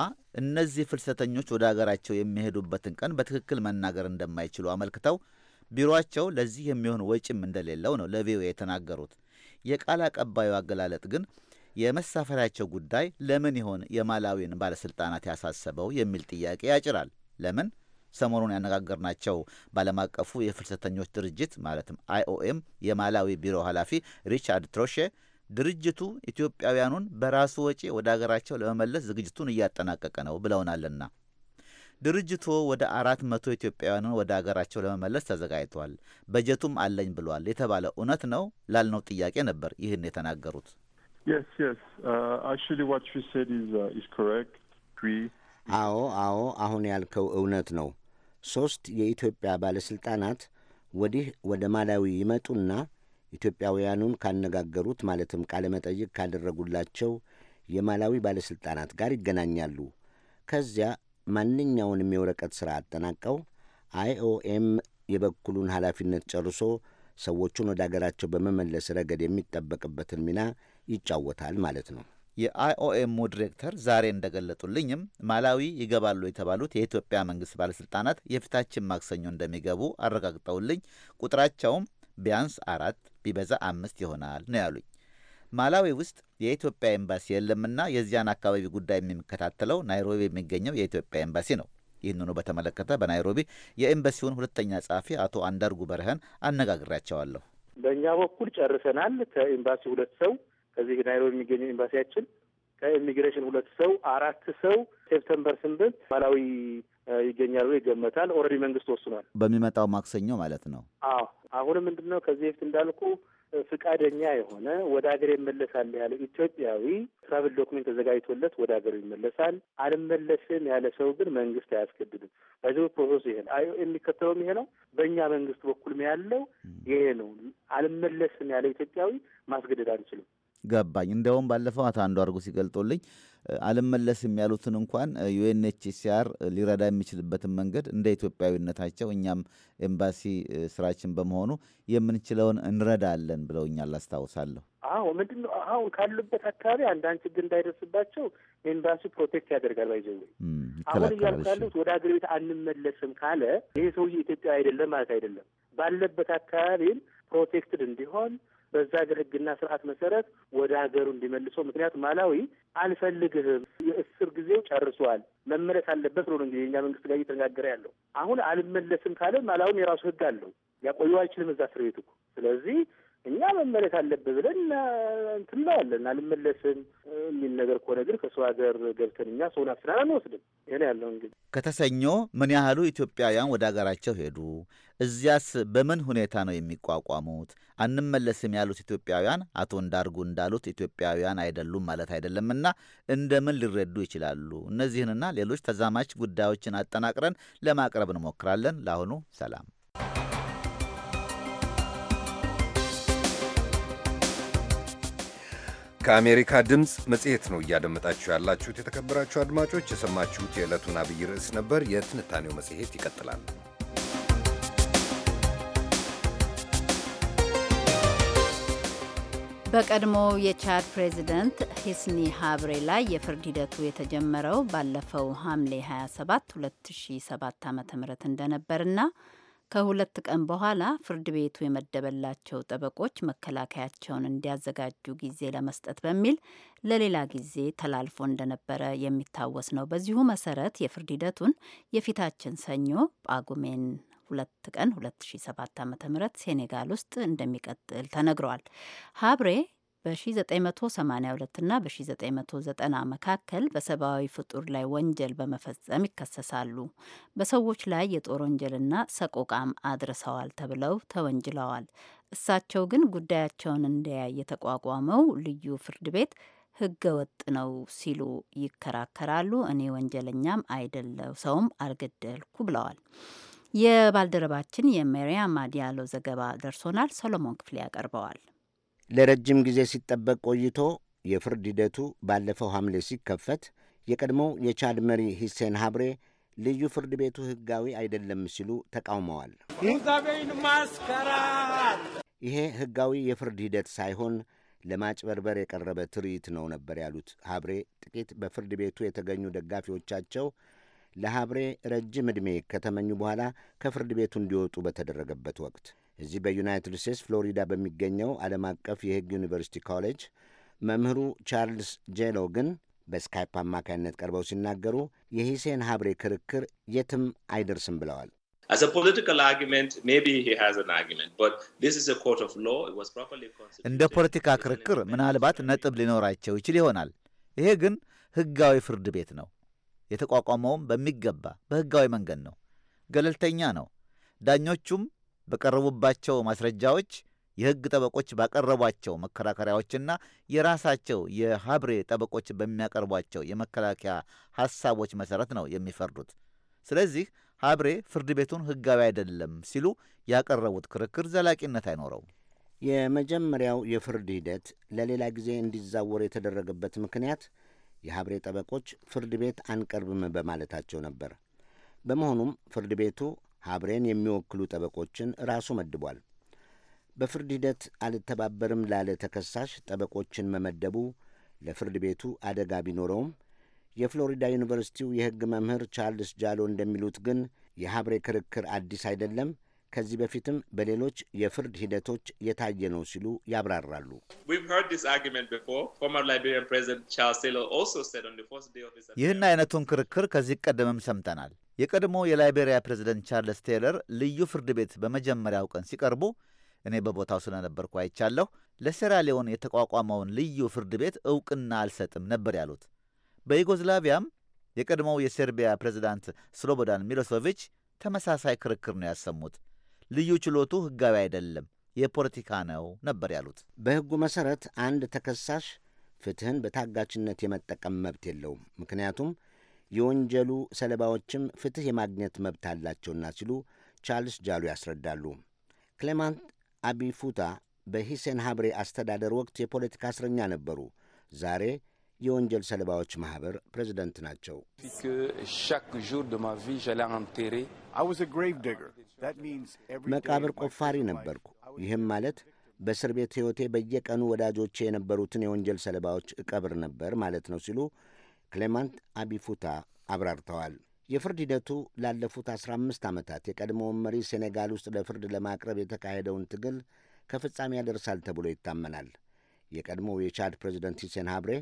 እነዚህ ፍልሰተኞች ወደ አገራቸው የሚሄዱበትን ቀን በትክክል መናገር እንደማይችሉ አመልክተው ቢሮአቸው ለዚህ የሚሆን ወጪም እንደሌለው ነው ለቪኦኤ የተናገሩት። የቃል አቀባዩ አገላለጥ ግን የመሳፈሪያቸው ጉዳይ ለምን ይሆን የማላዊን ባለሥልጣናት ያሳሰበው የሚል ጥያቄ ያጭራል። ለምን ሰሞኑን ያነጋገርናቸው ባለም አቀፉ የፍልሰተኞች ድርጅት ማለትም አይኦኤም የማላዊ ቢሮ ኃላፊ ሪቻርድ ትሮሼ ድርጅቱ ኢትዮጵያውያኑን በራሱ ወጪ ወደ ሀገራቸው ለመመለስ ዝግጅቱን እያጠናቀቀ ነው ብለውናልና ድርጅቱ ወደ አራት መቶ ኢትዮጵያውያንን ወደ አገራቸው ለመመለስ ተዘጋጅቷል። በጀቱም አለኝ ብሏል የተባለ እውነት ነው ላልነው ጥያቄ ነበር ይህን የተናገሩት። uh, uh, አዎ አዎ፣ አሁን ያልከው እውነት ነው። ሦስት የኢትዮጵያ ባለሥልጣናት ወዲህ ወደ ማላዊ ይመጡና ኢትዮጵያውያኑን ካነጋገሩት ማለትም ቃለ መጠይቅ ካደረጉላቸው የማላዊ ባለሥልጣናት ጋር ይገናኛሉ። ከዚያ ማንኛውንም የወረቀት ሥራ አጠናቀው አይኦኤም የበኩሉን ኃላፊነት ጨርሶ ሰዎቹን ወደ አገራቸው በመመለስ ረገድ የሚጠበቅበትን ሚና ይጫወታል ማለት ነው። የአይኦኤሙ ዲሬክተር ዛሬ እንደገለጡልኝም ማላዊ ይገባሉ የተባሉት የኢትዮጵያ መንግስት ባለሥልጣናት የፊታችን ማክሰኞ እንደሚገቡ አረጋግጠውልኝ ቁጥራቸውም ቢያንስ አራት ቢበዛ አምስት ይሆናል ነው ያሉኝ። ማላዊ ውስጥ የኢትዮጵያ ኤምባሲ የለምና የዚያን አካባቢ ጉዳይ የሚከታተለው ናይሮቢ የሚገኘው የኢትዮጵያ ኤምባሲ ነው። ይህንኑ በተመለከተ በናይሮቢ የኤምባሲውን ሁለተኛ ጸሐፊ አቶ አንዳርጉ በረሃን አነጋግሬያቸዋለሁ። በእኛ በኩል ጨርሰናል። ከኤምባሲ ሁለት ሰው ከዚህ ናይሮቢ የሚገኘው ኤምባሲያችን ከኢሚግሬሽን ሁለት ሰው አራት ሰው ሴፕተምበር ስምንት ማላዊ ይገኛሉ ይገመታል። ኦልሬዲ መንግስት ወስኗል። በሚመጣው ማክሰኞ ማለት ነው። አዎ አሁንም ምንድን ነው ከዚህ በፊት እንዳልኩ ፍቃደኛ የሆነ ወደ ሀገር ይመለሳል ያለ ኢትዮጵያዊ ትራቭል ዶክመንት ተዘጋጅቶለት ወደ ሀገር ይመለሳል። አልመለስም ያለ ሰው ግን መንግስት አያስገድድም። በዚህ ፕሮሰስ ይሄ ነው የሚከተለውም ይሄ ነው። በእኛ መንግስት በኩልም ያለው ይሄ ነው። አልመለስም ያለ ኢትዮጵያዊ ማስገደድ አንችልም። ገባኝ። እንዲያውም ባለፈው አቶ አንዱ አድርጎ ሲገልጦልኝ አልመለስም ያሉትን እንኳን ዩኤንኤችሲአር ሊረዳ የሚችልበትን መንገድ እንደ ኢትዮጵያዊነታቸው እኛም ኤምባሲ ስራችን በመሆኑ የምንችለውን እንረዳለን ብለውኛል። አስታውሳለሁ። አዎ ምንድን ነው አሁን ካሉበት አካባቢ አንዳንድ ችግር እንዳይደርስባቸው ኤምባሲ ፕሮቴክት ያደርጋል። ባይዘ አሁን እያልኩ ያሉት ወደ ሀገር ቤት አንመለስም ካለ ይሄ ሰውዬ ኢትዮጵያ አይደለም ማለት አይደለም። ባለበት አካባቢም ፕሮቴክትድ እንዲሆን በዛ ሀገር ህግና ስርዓት መሰረት ወደ ሀገሩ እንዲመልሰው። ምክንያት ማላዊ አልፈልግህም፣ የእስር ጊዜው ጨርሷል፣ መመለስ አለበት ነው እንግዲህ የኛ መንግስት ጋር እየተነጋገረ ያለው። አሁን አልመለስም ካለ ማላዊም የራሱ ህግ አለው፣ ያቆየው አይችልም እዛ እስር ቤት እኮ። ስለዚህ እኛ መመለስ አለብህ ብለን እንትን እንለዋለን፣ አልመለስም የሚል ነገር ከሆነ ግን ከሰው ሀገር ገብተን እኛ ሰውን አፍስናን አንወስድም። ይህን ያለው እንግዲህ ከተሰኞ ምን ያህሉ ኢትዮጵያውያን ወደ ሀገራቸው ሄዱ? እዚያስ በምን ሁኔታ ነው የሚቋቋሙት? አንመለስም ያሉት ኢትዮጵያውያን አቶ እንዳርጉ እንዳሉት ኢትዮጵያውያን አይደሉም ማለት አይደለምና እንደምን ሊረዱ ይችላሉ? እነዚህንና ሌሎች ተዛማች ጉዳዮችን አጠናቅረን ለማቅረብ እንሞክራለን። ለአሁኑ ሰላም። ከአሜሪካ ድምፅ መጽሔት ነው እያደመጣችሁ ያላችሁት። የተከበራችሁ አድማጮች፣ የሰማችሁት የዕለቱን አብይ ርዕስ ነበር። የትንታኔው መጽሔት ይቀጥላል። በቀድሞ የቻድ ፕሬዚደንት ሂስኒ ሀብሬ ላይ የፍርድ ሂደቱ የተጀመረው ባለፈው ሐምሌ 27 2007 ዓ ም እንደነበርና ከሁለት ቀን በኋላ ፍርድ ቤቱ የመደበላቸው ጠበቆች መከላከያቸውን እንዲያዘጋጁ ጊዜ ለመስጠት በሚል ለሌላ ጊዜ ተላልፎ እንደነበረ የሚታወስ ነው። በዚሁ መሰረት የፍርድ ሂደቱን የፊታችን ሰኞ ጳጉሜን ሁለት ቀን 2007 ዓ ም ሴኔጋል ውስጥ እንደሚቀጥል ተነግሯል። ሀብሬ በ1982 እና በ1990 መካከል በሰብአዊ ፍጡር ላይ ወንጀል በመፈጸም ይከሰሳሉ። በሰዎች ላይ የጦር ወንጀልና ሰቆቃም አድርሰዋል ተብለው ተወንጅለዋል። እሳቸው ግን ጉዳያቸውን እንዲያይ የተቋቋመው ልዩ ፍርድ ቤት ሕገ ወጥ ነው ሲሉ ይከራከራሉ። እኔ ወንጀለኛም አይደለው ሰውም አልገደልኩ ብለዋል። የባልደረባችን የሜሪያም አዲያሎ ዘገባ ደርሶናል። ሰሎሞን ክፍሌ ያቀርበዋል። ለረጅም ጊዜ ሲጠበቅ ቆይቶ የፍርድ ሂደቱ ባለፈው ሐምሌ ሲከፈት የቀድሞው የቻድ መሪ ሂሴን ሀብሬ ልዩ ፍርድ ቤቱ ሕጋዊ አይደለም ሲሉ ተቃውመዋል። ይሄ ሕጋዊ የፍርድ ሂደት ሳይሆን ለማጭበርበር የቀረበ ትርኢት ነው ነበር ያሉት ሀብሬ። ጥቂት በፍርድ ቤቱ የተገኙ ደጋፊዎቻቸው ለሐብሬ ረጅም ዕድሜ ከተመኙ በኋላ ከፍርድ ቤቱ እንዲወጡ በተደረገበት ወቅት እዚህ በዩናይትድ ስቴትስ ፍሎሪዳ በሚገኘው ዓለም አቀፍ የሕግ ዩኒቨርሲቲ ኮሌጅ መምህሩ ቻርልስ ጄሎ ግን በስካይፕ አማካይነት ቀርበው ሲናገሩ የሂሴን ሐብሬ ክርክር የትም አይደርስም ብለዋል። እንደ ፖለቲካ ክርክር ምናልባት ነጥብ ሊኖራቸው ይችል ይሆናል። ይሄ ግን ሕጋዊ ፍርድ ቤት ነው። የተቋቋመውም በሚገባ በሕጋዊ መንገድ ነው። ገለልተኛ ነው። ዳኞቹም በቀረቡባቸው ማስረጃዎች የሕግ ጠበቆች ባቀረቧቸው መከራከሪያዎችና የራሳቸው የሀብሬ ጠበቆች በሚያቀርቧቸው የመከላከያ ሐሳቦች መሠረት ነው የሚፈርዱት። ስለዚህ ሀብሬ ፍርድ ቤቱን ሕጋዊ አይደለም ሲሉ ያቀረቡት ክርክር ዘላቂነት አይኖረውም። የመጀመሪያው የፍርድ ሂደት ለሌላ ጊዜ እንዲዛወር የተደረገበት ምክንያት የሀብሬ ጠበቆች ፍርድ ቤት አንቀርብም በማለታቸው ነበር። በመሆኑም ፍርድ ቤቱ ሀብሬን የሚወክሉ ጠበቆችን ራሱ መድቧል። በፍርድ ሂደት አልተባበርም ላለ ተከሳሽ ጠበቆችን መመደቡ ለፍርድ ቤቱ አደጋ ቢኖረውም የፍሎሪዳ ዩኒቨርሲቲው የሕግ መምህር ቻርልስ ጃሎ እንደሚሉት ግን የሀብሬ ክርክር አዲስ አይደለም፣ ከዚህ በፊትም በሌሎች የፍርድ ሂደቶች የታየ ነው ሲሉ ያብራራሉ። ይህን አይነቱን ክርክር ከዚህ ቀደምም ሰምተናል። የቀድሞ የላይቤሪያ ፕሬዚደንት ቻርልስ ቴይለር ልዩ ፍርድ ቤት በመጀመሪያው ቀን ሲቀርቡ እኔ በቦታው ስለነበርኩ አይቻለሁ። ለሴራሊዮን የተቋቋመውን ልዩ ፍርድ ቤት እውቅና አልሰጥም ነበር ያሉት። በዩጎዝላቪያም የቀድሞው የሴርቢያ ፕሬዝዳንት ስሎቦዳን ሚሎሶቪች ተመሳሳይ ክርክር ነው ያሰሙት። ልዩ ችሎቱ ሕጋዊ አይደለም፣ የፖለቲካ ነው ነበር ያሉት። በሕጉ መሠረት አንድ ተከሳሽ ፍትሕን በታጋችነት የመጠቀም መብት የለውም፣ ምክንያቱም የወንጀሉ ሰለባዎችም ፍትሕ የማግኘት መብት አላቸውና ሲሉ ቻርልስ ጃሉ ያስረዳሉ። ክሌማንት አቢፉታ በሂሴን ሀብሬ አስተዳደር ወቅት የፖለቲካ እስረኛ ነበሩ። ዛሬ የወንጀል ሰለባዎች ማኅበር ፕሬዚደንት ናቸው። መቃብር ቆፋሪ ነበርኩ። ይህም ማለት በእስር ቤት ሕይወቴ በየቀኑ ወዳጆቼ የነበሩትን የወንጀል ሰለባዎች እቀብር ነበር ማለት ነው ሲሉ ክሌማንት አቢፉታ አብራርተዋል። የፍርድ ሂደቱ ላለፉት 15 ዓመታት የቀድሞውን መሪ ሴኔጋል ውስጥ ለፍርድ ለማቅረብ የተካሄደውን ትግል ከፍጻሜ ያደርሳል ተብሎ ይታመናል። የቀድሞው የቻድ ፕሬዚደንት ሂሴን ሀብሬ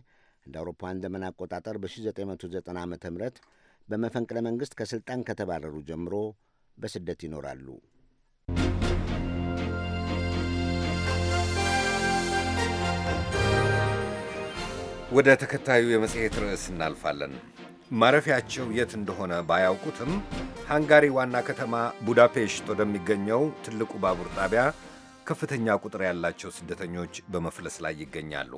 እንደ አውሮፓውያን ዘመን አቆጣጠር በ1990 ዓ ም በመፈንቅለ መንግሥት ከሥልጣን ከተባረሩ ጀምሮ በስደት ይኖራሉ። ወደ ተከታዩ የመጽሔት ርዕስ እናልፋለን። ማረፊያቸው የት እንደሆነ ባያውቁትም ሃንጋሪ ዋና ከተማ ቡዳፔሽት ወደሚገኘው ትልቁ ባቡር ጣቢያ ከፍተኛ ቁጥር ያላቸው ስደተኞች በመፍለስ ላይ ይገኛሉ።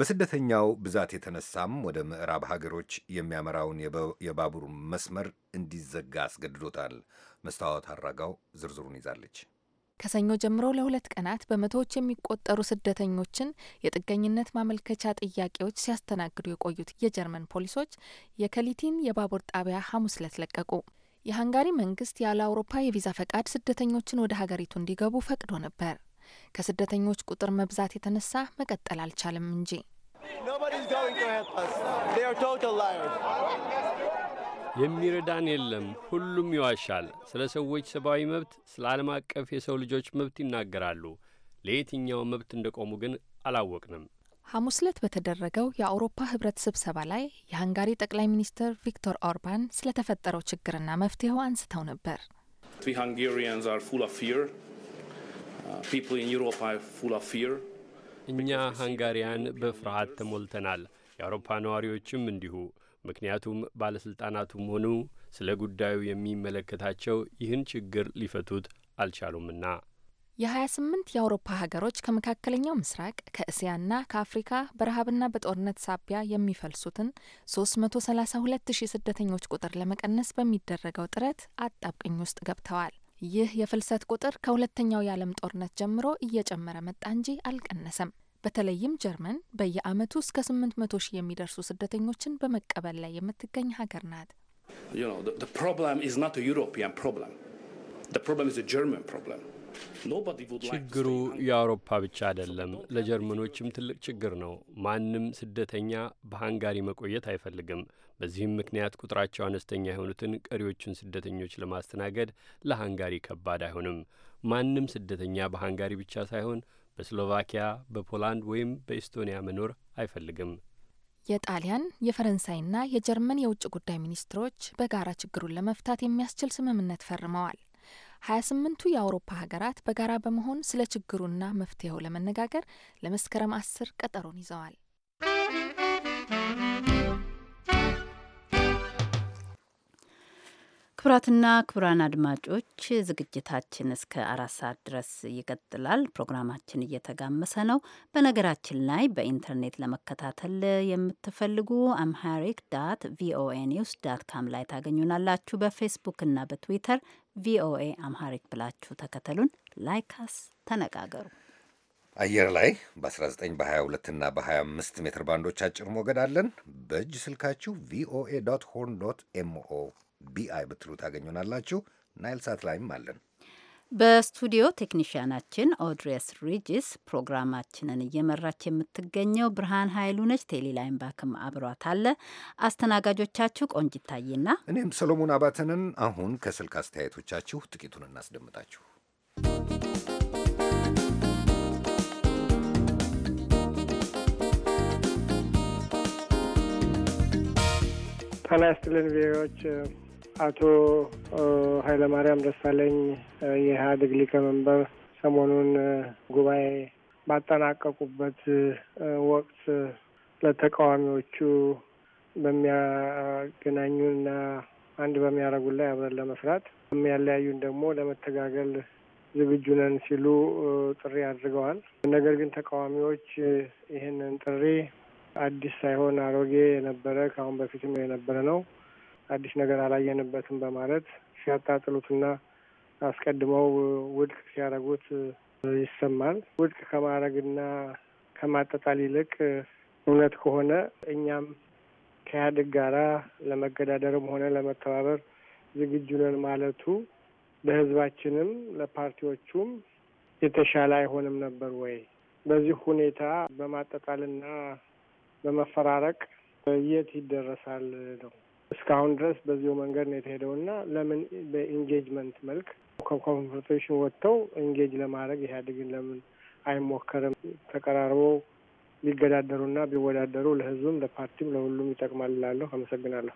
በስደተኛው ብዛት የተነሳም ወደ ምዕራብ ሀገሮች የሚያመራውን የባቡር መስመር እንዲዘጋ አስገድዶታል። መስታወት አራጋው ዝርዝሩን ይዛለች። ከሰኞ ጀምሮ ለሁለት ቀናት በመቶዎች የሚቆጠሩ ስደተኞችን የጥገኝነት ማመልከቻ ጥያቄዎች ሲያስተናግዱ የቆዩት የጀርመን ፖሊሶች የከሊቲን የባቡር ጣቢያ ሐሙስ ዕለት ለቀቁ። የሃንጋሪ መንግስት ያለ አውሮፓ የቪዛ ፈቃድ ስደተኞችን ወደ ሀገሪቱ እንዲገቡ ፈቅዶ ነበር። ከስደተኞች ቁጥር መብዛት የተነሳ መቀጠል አልቻለም እንጂ። የሚረዳን የለም፣ ሁሉም ይዋሻል። ስለ ሰዎች ሰብአዊ መብት፣ ስለ ዓለም አቀፍ የሰው ልጆች መብት ይናገራሉ። ለየትኛው መብት እንደቆሙ ግን አላወቅንም። ሐሙስ ዕለት በተደረገው የአውሮፓ ህብረት ስብሰባ ላይ የሃንጋሪ ጠቅላይ ሚኒስትር ቪክቶር ኦርባን ስለተፈጠረው ችግርና መፍትሄው አንስተው ነበር። እኛ ሃንጋሪያን በፍርሃት ተሞልተናል። የአውሮፓ ነዋሪዎችም እንዲሁ። ምክንያቱም ባለሥልጣናቱም ሆኑ ስለ ጉዳዩ የሚመለከታቸው ይህን ችግር ሊፈቱት አልቻሉምና። የ28 የአውሮፓ ሀገሮች ከመካከለኛው ምስራቅ ከእስያና ከአፍሪካ በረሃብና በጦርነት ሳቢያ የሚፈልሱትን 332 ሺህ ስደተኞች ቁጥር ለመቀነስ በሚደረገው ጥረት አጣብቅኝ ውስጥ ገብተዋል። ይህ የፍልሰት ቁጥር ከሁለተኛው የዓለም ጦርነት ጀምሮ እየጨመረ መጣ እንጂ አልቀነሰም። በተለይም ጀርመን በየዓመቱ እስከ 800 ሺህ የሚደርሱ ስደተኞችን በመቀበል ላይ የምትገኝ ሀገር ናት። ችግሩ የአውሮፓ ብቻ አይደለም፣ ለጀርመኖችም ትልቅ ችግር ነው። ማንም ስደተኛ በሃንጋሪ መቆየት አይፈልግም። በዚህም ምክንያት ቁጥራቸው አነስተኛ የሆኑትን ቀሪዎቹን ስደተኞች ለማስተናገድ ለሃንጋሪ ከባድ አይሆንም። ማንም ስደተኛ በሃንጋሪ ብቻ ሳይሆን በስሎቫኪያ፣ በፖላንድ ወይም በኤስቶኒያ መኖር አይፈልግም። የጣሊያን የፈረንሳይና የጀርመን የውጭ ጉዳይ ሚኒስትሮች በጋራ ችግሩን ለመፍታት የሚያስችል ስምምነት ፈርመዋል። ሀያ ስምንቱ የአውሮፓ ሀገራት በጋራ በመሆን ስለ ችግሩና መፍትሄው ለመነጋገር ለመስከረም አስር ቀጠሮን ይዘዋል። ክቡራትና ክቡራን አድማጮች ዝግጅታችን እስከ አራት ሰዓት ድረስ ይቀጥላል። ፕሮግራማችን እየተጋመሰ ነው። በነገራችን ላይ በኢንተርኔት ለመከታተል የምትፈልጉ አምሃሪክ ዳት ቪኦኤ ኒውስ ዳት ካም ላይ ታገኙናላችሁ። በፌስቡክ እና በትዊተር ቪኦኤ አምሃሪክ ብላችሁ ተከተሉን። ላይካስ ተነጋገሩ። አየር ላይ በ19 በ22 እና በ25 ሜትር ባንዶች አጭር ሞገድ አለን። በእጅ ስልካችሁ ቪኦኤ ዶት ሆርን ዶት ኤምኦ ቢአይ ብትሉ ታገኙናላችሁ። ናይል ሳት ላይም አለን። በስቱዲዮ ቴክኒሽያናችን ኦድሬስ ሪጅስ፣ ፕሮግራማችንን እየመራች የምትገኘው ብርሃን ኃይሉ ነች። ቴሌላይም ባክም አብሯት አለ። አስተናጋጆቻችሁ ቆንጅ ይታየና እኔም ሰሎሞን አባተንን። አሁን ከስልክ አስተያየቶቻችሁ ጥቂቱን እናስደምጣችሁ። ጤና ይስጥልን ቪዎች አቶ ኃይለማርያም ደሳለኝ የኢህአዴግ ሊቀመንበር ሰሞኑን ጉባኤ ባጠናቀቁበት ወቅት ለተቃዋሚዎቹ በሚያገናኙና አንድ በሚያደርጉ ላይ አብረን ለመስራት የሚያለያዩን ደግሞ ለመተጋገል ዝግጁ ነን ሲሉ ጥሪ አድርገዋል። ነገር ግን ተቃዋሚዎች ይህንን ጥሪ አዲስ ሳይሆን አሮጌ የነበረ ከአሁን በፊትም የነበረ ነው አዲስ ነገር አላየንበትም በማለት ሲያጣጥሉትና አስቀድመው ውድቅ ሲያደርጉት ይሰማል። ውድቅ ከማድረግና ከማጠጣል ይልቅ እውነት ከሆነ እኛም ከኢህአዴግ ጋራ ለመገዳደርም ሆነ ለመተባበር ዝግጁ ነን ማለቱ ለህዝባችንም ለፓርቲዎቹም የተሻለ አይሆንም ነበር ወይ? በዚህ ሁኔታ በማጠጣልና በመፈራረቅ የት ይደረሳል ነው። እስካሁን ድረስ በዚሁ መንገድ ነው የተሄደው እና ለምን በኢንጌጅመንት መልክ ከኮንፍሮንቴሽን ወጥተው ኢንጌጅ ለማድረግ ኢህአዴግን ለምን አይሞከርም? ተቀራርበው ሊገዳደሩና ቢወዳደሩ ለህዝቡም፣ ለፓርቲም ለሁሉም ይጠቅማል እላለሁ። አመሰግናለሁ።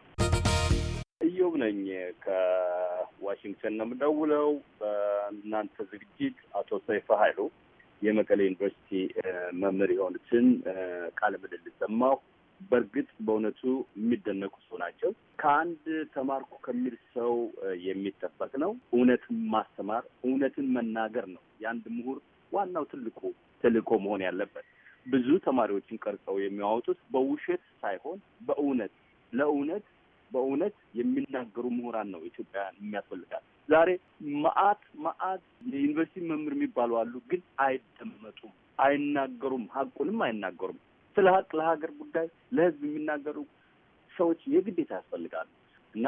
እዮብ ነኝ ከዋሽንግተን ነው የምደውለው። በእናንተ ዝግጅት አቶ ሰይፈ ኃይሉ የመቀሌ ዩኒቨርሲቲ መምህር የሆኑትን ቃለ ምልልስ ሰማሁ። በእርግጥ በእውነቱ የሚደነቁ ሰው ናቸው። ከአንድ ተማርኩ ከሚል ሰው የሚጠበቅ ነው። እውነትን ማስተማር፣ እውነትን መናገር ነው የአንድ ምሁር ዋናው ትልቁ ተልዕኮ መሆን ያለበት። ብዙ ተማሪዎችን ቀርጸው የሚያወጡት በውሸት ሳይሆን በእውነት ለእውነት በእውነት የሚናገሩ ምሁራን ነው ኢትዮጵያ የሚያስፈልጋል። ዛሬ መዓት መዓት የዩኒቨርሲቲ መምህር የሚባሉ አሉ፣ ግን አይደመጡም፣ አይናገሩም፣ ሀቁንም አይናገሩም። ስለ ሀቅ ለሀገር ጉዳይ ለህዝብ የሚናገሩ ሰዎች የግዴታ ያስፈልጋሉ እና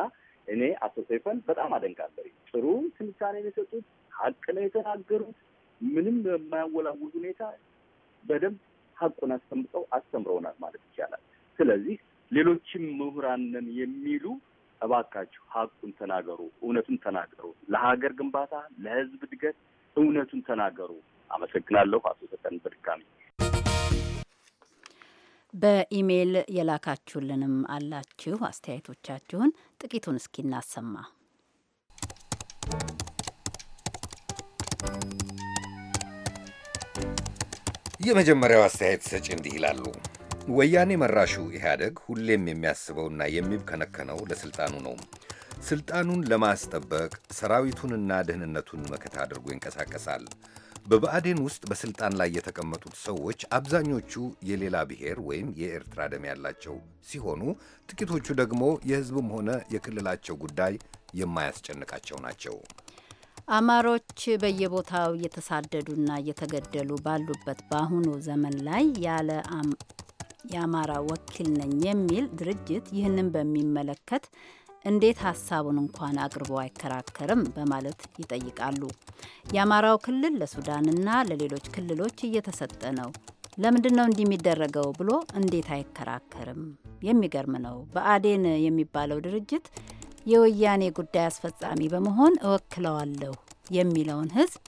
እኔ አቶ ሰይፈን በጣም አደንቃለሁ። ጥሩ ትንታኔ ነው የሰጡት። ሀቅ ነው የተናገሩት። ምንም በማያወላውል ሁኔታ በደንብ ሀቁን አስቀምጠው አስተምረውናል ማለት ይቻላል። ስለዚህ ሌሎችም ምሁራንን የሚሉ እባካችሁ ሀቁን ተናገሩ፣ እውነቱን ተናገሩ፣ ለሀገር ግንባታ፣ ለህዝብ እድገት እውነቱን ተናገሩ። አመሰግናለሁ አቶ ሰይፈን በድጋሚ። በኢሜይል የላካችሁልንም አላችሁ። አስተያየቶቻችሁን ጥቂቱን እስኪ እናሰማ። የመጀመሪያው አስተያየት ሰጪ እንዲህ ይላሉ። ወያኔ መራሹ ኢህአደግ ሁሌም የሚያስበውና የሚብከነከነው ለስልጣኑ ነው። ስልጣኑን ለማስጠበቅ ሰራዊቱንና ደህንነቱን መከታ አድርጎ ይንቀሳቀሳል። በብአዴን ውስጥ በስልጣን ላይ የተቀመጡት ሰዎች አብዛኞቹ የሌላ ብሔር ወይም የኤርትራ ደም ያላቸው ሲሆኑ ጥቂቶቹ ደግሞ የሕዝብም ሆነ የክልላቸው ጉዳይ የማያስጨንቃቸው ናቸው። አማሮች በየቦታው እየተሳደዱና እየተገደሉ ባሉበት በአሁኑ ዘመን ላይ ያለ የአማራ ወኪል ነኝ የሚል ድርጅት ይህንን በሚመለከት እንዴት ሀሳቡን እንኳን አቅርቦ አይከራከርም በማለት ይጠይቃሉ። የአማራው ክልል ለሱዳንና ለሌሎች ክልሎች እየተሰጠ ነው። ለምንድን ነው እንዲህ የሚደረገው ብሎ እንዴት አይከራከርም? የሚገርም ነው። በአዴን የሚባለው ድርጅት የወያኔ ጉዳይ አስፈጻሚ በመሆን እወክለዋለሁ የሚለውን ህዝብ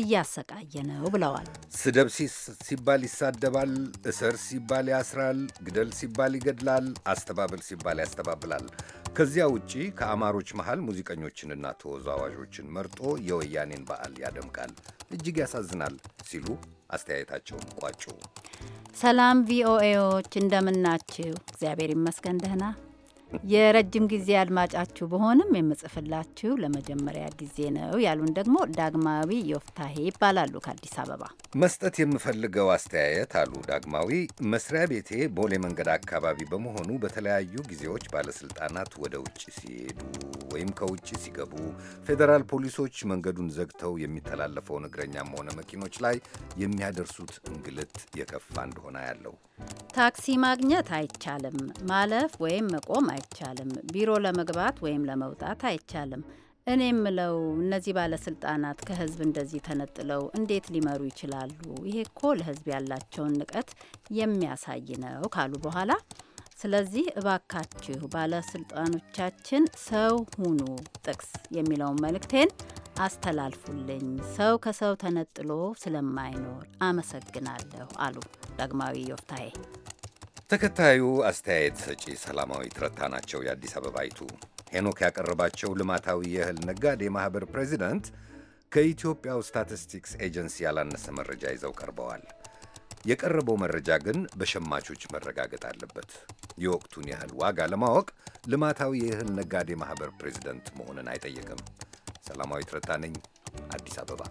እያሰቃየ ነው ብለዋል። ስደብ ሲባል ይሳደባል፣ እስር ሲባል ያስራል፣ ግደል ሲባል ይገድላል፣ አስተባብል ሲባል ያስተባብላል። ከዚያ ውጪ ከአማሮች መሃል ሙዚቀኞችንና ተወዛዋዦችን መርጦ የወያኔን በዓል ያደምቃል። እጅግ ያሳዝናል ሲሉ አስተያየታቸውን ቋጩ። ሰላም ቪኦኤዎች እንደምናችሁ። እግዚአብሔር ይመስገን ደህና የረጅም ጊዜ አድማጫችሁ በሆንም የምጽፍላችሁ ለመጀመሪያ ጊዜ ነው ያሉን ደግሞ ዳግማዊ ዮፍታሄ ይባላሉ ከአዲስ አበባ። መስጠት የምፈልገው አስተያየት አሉ ዳግማዊ፣ መስሪያ ቤቴ ቦሌ መንገድ አካባቢ በመሆኑ በተለያዩ ጊዜዎች ባለስልጣናት ወደ ውጭ ሲሄዱ ወይም ከውጭ ሲገቡ፣ ፌዴራል ፖሊሶች መንገዱን ዘግተው የሚተላለፈውን እግረኛም ሆነ መኪኖች ላይ የሚያደርሱት እንግልት የከፋ እንደሆነ ያለው ታክሲ ማግኘት አይቻልም። ማለፍ ወይም መቆም አይቻልም። ቢሮ ለመግባት ወይም ለመውጣት አይቻልም። እኔ የምለው እነዚህ ባለስልጣናት ከህዝብ እንደዚህ ተነጥለው እንዴት ሊመሩ ይችላሉ? ይሄ እኮ ለህዝብ ያላቸውን ንቀት የሚያሳይ ነው ካሉ በኋላ ስለዚህ እባካችሁ ባለስልጣኖቻችን ሰው ሁኑ ጥቅስ የሚለውን መልእክቴን አስተላልፉልኝ። ሰው ከሰው ተነጥሎ ስለማይኖር አመሰግናለሁ አሉ ዳግማዊ ዮፍታሄ። ተከታዩ አስተያየት ሰጪ ሰላማዊ ትረታ ናቸው። የአዲስ አበባይቱ ሄኖክ ያቀረባቸው ልማታዊ የእህል ነጋዴ ማኅበር ፕሬዚደንት ከኢትዮጵያው ስታቲስቲክስ ኤጀንሲ ያላነሰ መረጃ ይዘው ቀርበዋል። የቀረበው መረጃ ግን በሸማቾች መረጋገጥ አለበት። የወቅቱን ያህል ዋጋ ለማወቅ ልማታዊ የእህል ነጋዴ ማኅበር ፕሬዚደንት መሆንን አይጠየቅም። ሰላማዊ ትረታ ነኝ፣ አዲስ አበባ።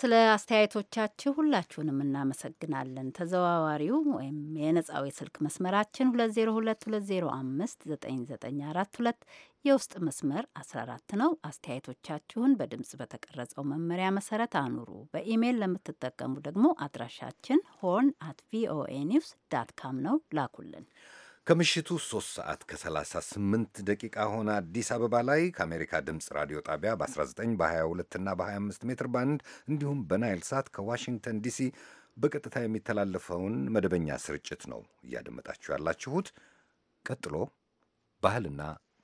ስለ አስተያየቶቻችሁ ሁላችሁንም እናመሰግናለን። ተዘዋዋሪው ወይም የነጻው የስልክ መስመራችን 2022059942 የውስጥ መስመር 14 ነው። አስተያየቶቻችሁን በድምፅ በተቀረጸው መመሪያ መሰረት አኑሩ። በኢሜይል ለምትጠቀሙ ደግሞ አድራሻችን ሆርን አት ቪኦኤ ኒውስ ዳት ካም ነው። ላኩልን። ከምሽቱ 3 ሰዓት ከ38 ደቂቃ ሆነ አዲስ አበባ ላይ ከአሜሪካ ድምፅ ራዲዮ ጣቢያ በ19 በ22 እና በ25 ሜትር ባንድ እንዲሁም በናይል ሳት ከዋሽንግተን ዲሲ በቀጥታ የሚተላለፈውን መደበኛ ስርጭት ነው እያደመጣችሁ ያላችሁት። ቀጥሎ ባህልና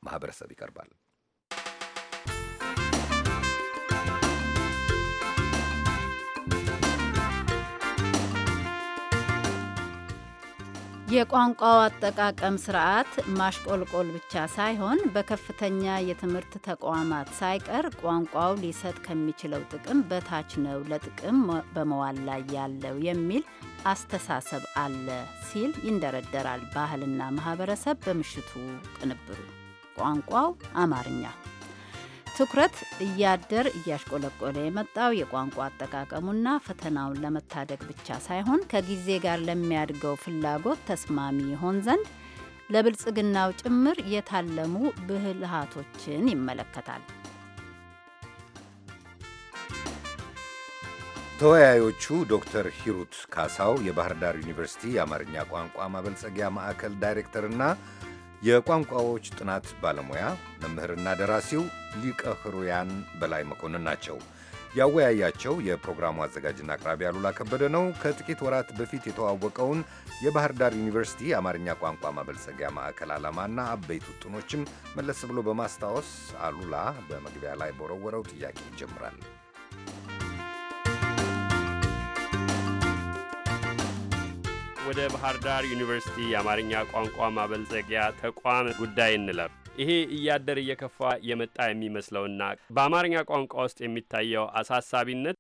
ማኅበረሰብ ይቀርባል። የቋንቋው አጠቃቀም ስርዓት ማሽቆልቆል ብቻ ሳይሆን በከፍተኛ የትምህርት ተቋማት ሳይቀር ቋንቋው ሊሰጥ ከሚችለው ጥቅም በታች ነው ለጥቅም በመዋል ላይ ያለው የሚል አስተሳሰብ አለ ሲል ይንደረደራል። ባህልና ማህበረሰብ በምሽቱ ቅንብሩ ቋንቋው አማርኛ ትኩረት እያደር እያሽቆለቆለ የመጣው የቋንቋ አጠቃቀሙና ፈተናውን ለመታደግ ብቻ ሳይሆን ከጊዜ ጋር ለሚያድገው ፍላጎት ተስማሚ ይሆን ዘንድ ለብልጽግናው ጭምር የታለሙ ብልሃቶችን ይመለከታል። ተወያዮቹ ዶክተር ሂሩት ካሳው የባህር ዳር ዩኒቨርሲቲ የአማርኛ ቋንቋ ማበልጸጊያ ማዕከል ዳይሬክተርና የቋንቋዎች ጥናት ባለሙያ መምህርና ደራሲው ሊቀ ሕሩያን በላይ መኮንን ናቸው። ያወያያቸው የፕሮግራሙ አዘጋጅና አቅራቢ አሉላ ከበደ ነው። ከጥቂት ወራት በፊት የተዋወቀውን የባህር ዳር ዩኒቨርሲቲ የአማርኛ ቋንቋ ማበልጸጊያ ማዕከል ዓላማና አበይት ውጥኖችም መለስ ብሎ በማስታወስ አሉላ በመግቢያ ላይ በወረወረው ጥያቄ ይጀምራል። ወደ ባህር ዳር ዩኒቨርሲቲ የአማርኛ ቋንቋ ማበልጸጊያ ተቋም ጉዳይ እንለፍ። ይሄ እያደር እየከፋ የመጣ የሚመስለውና በአማርኛ ቋንቋ ውስጥ የሚታየው አሳሳቢነት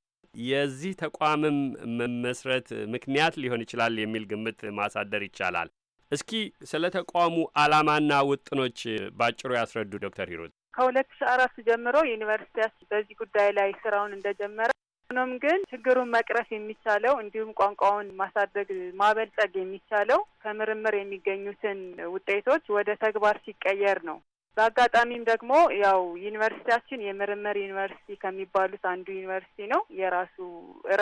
የዚህ ተቋምም መመስረት ምክንያት ሊሆን ይችላል የሚል ግምት ማሳደር ይቻላል። እስኪ ስለ ተቋሙ ዓላማና ውጥኖች ባጭሩ ያስረዱ ዶክተር ሂሩት። ከሁለት ሺ አራት ጀምሮ ዩኒቨርሲቲያችን በዚህ ጉዳይ ላይ ስራውን እንደጀመረ ሆኖም ግን ችግሩን መቅረፍ የሚቻለው እንዲሁም ቋንቋውን ማሳደግ ማበልጸግ የሚቻለው ከምርምር የሚገኙትን ውጤቶች ወደ ተግባር ሲቀየር ነው። በአጋጣሚም ደግሞ ያው ዩኒቨርሲቲያችን የምርምር ዩኒቨርሲቲ ከሚባሉት አንዱ ዩኒቨርሲቲ ነው። የራሱ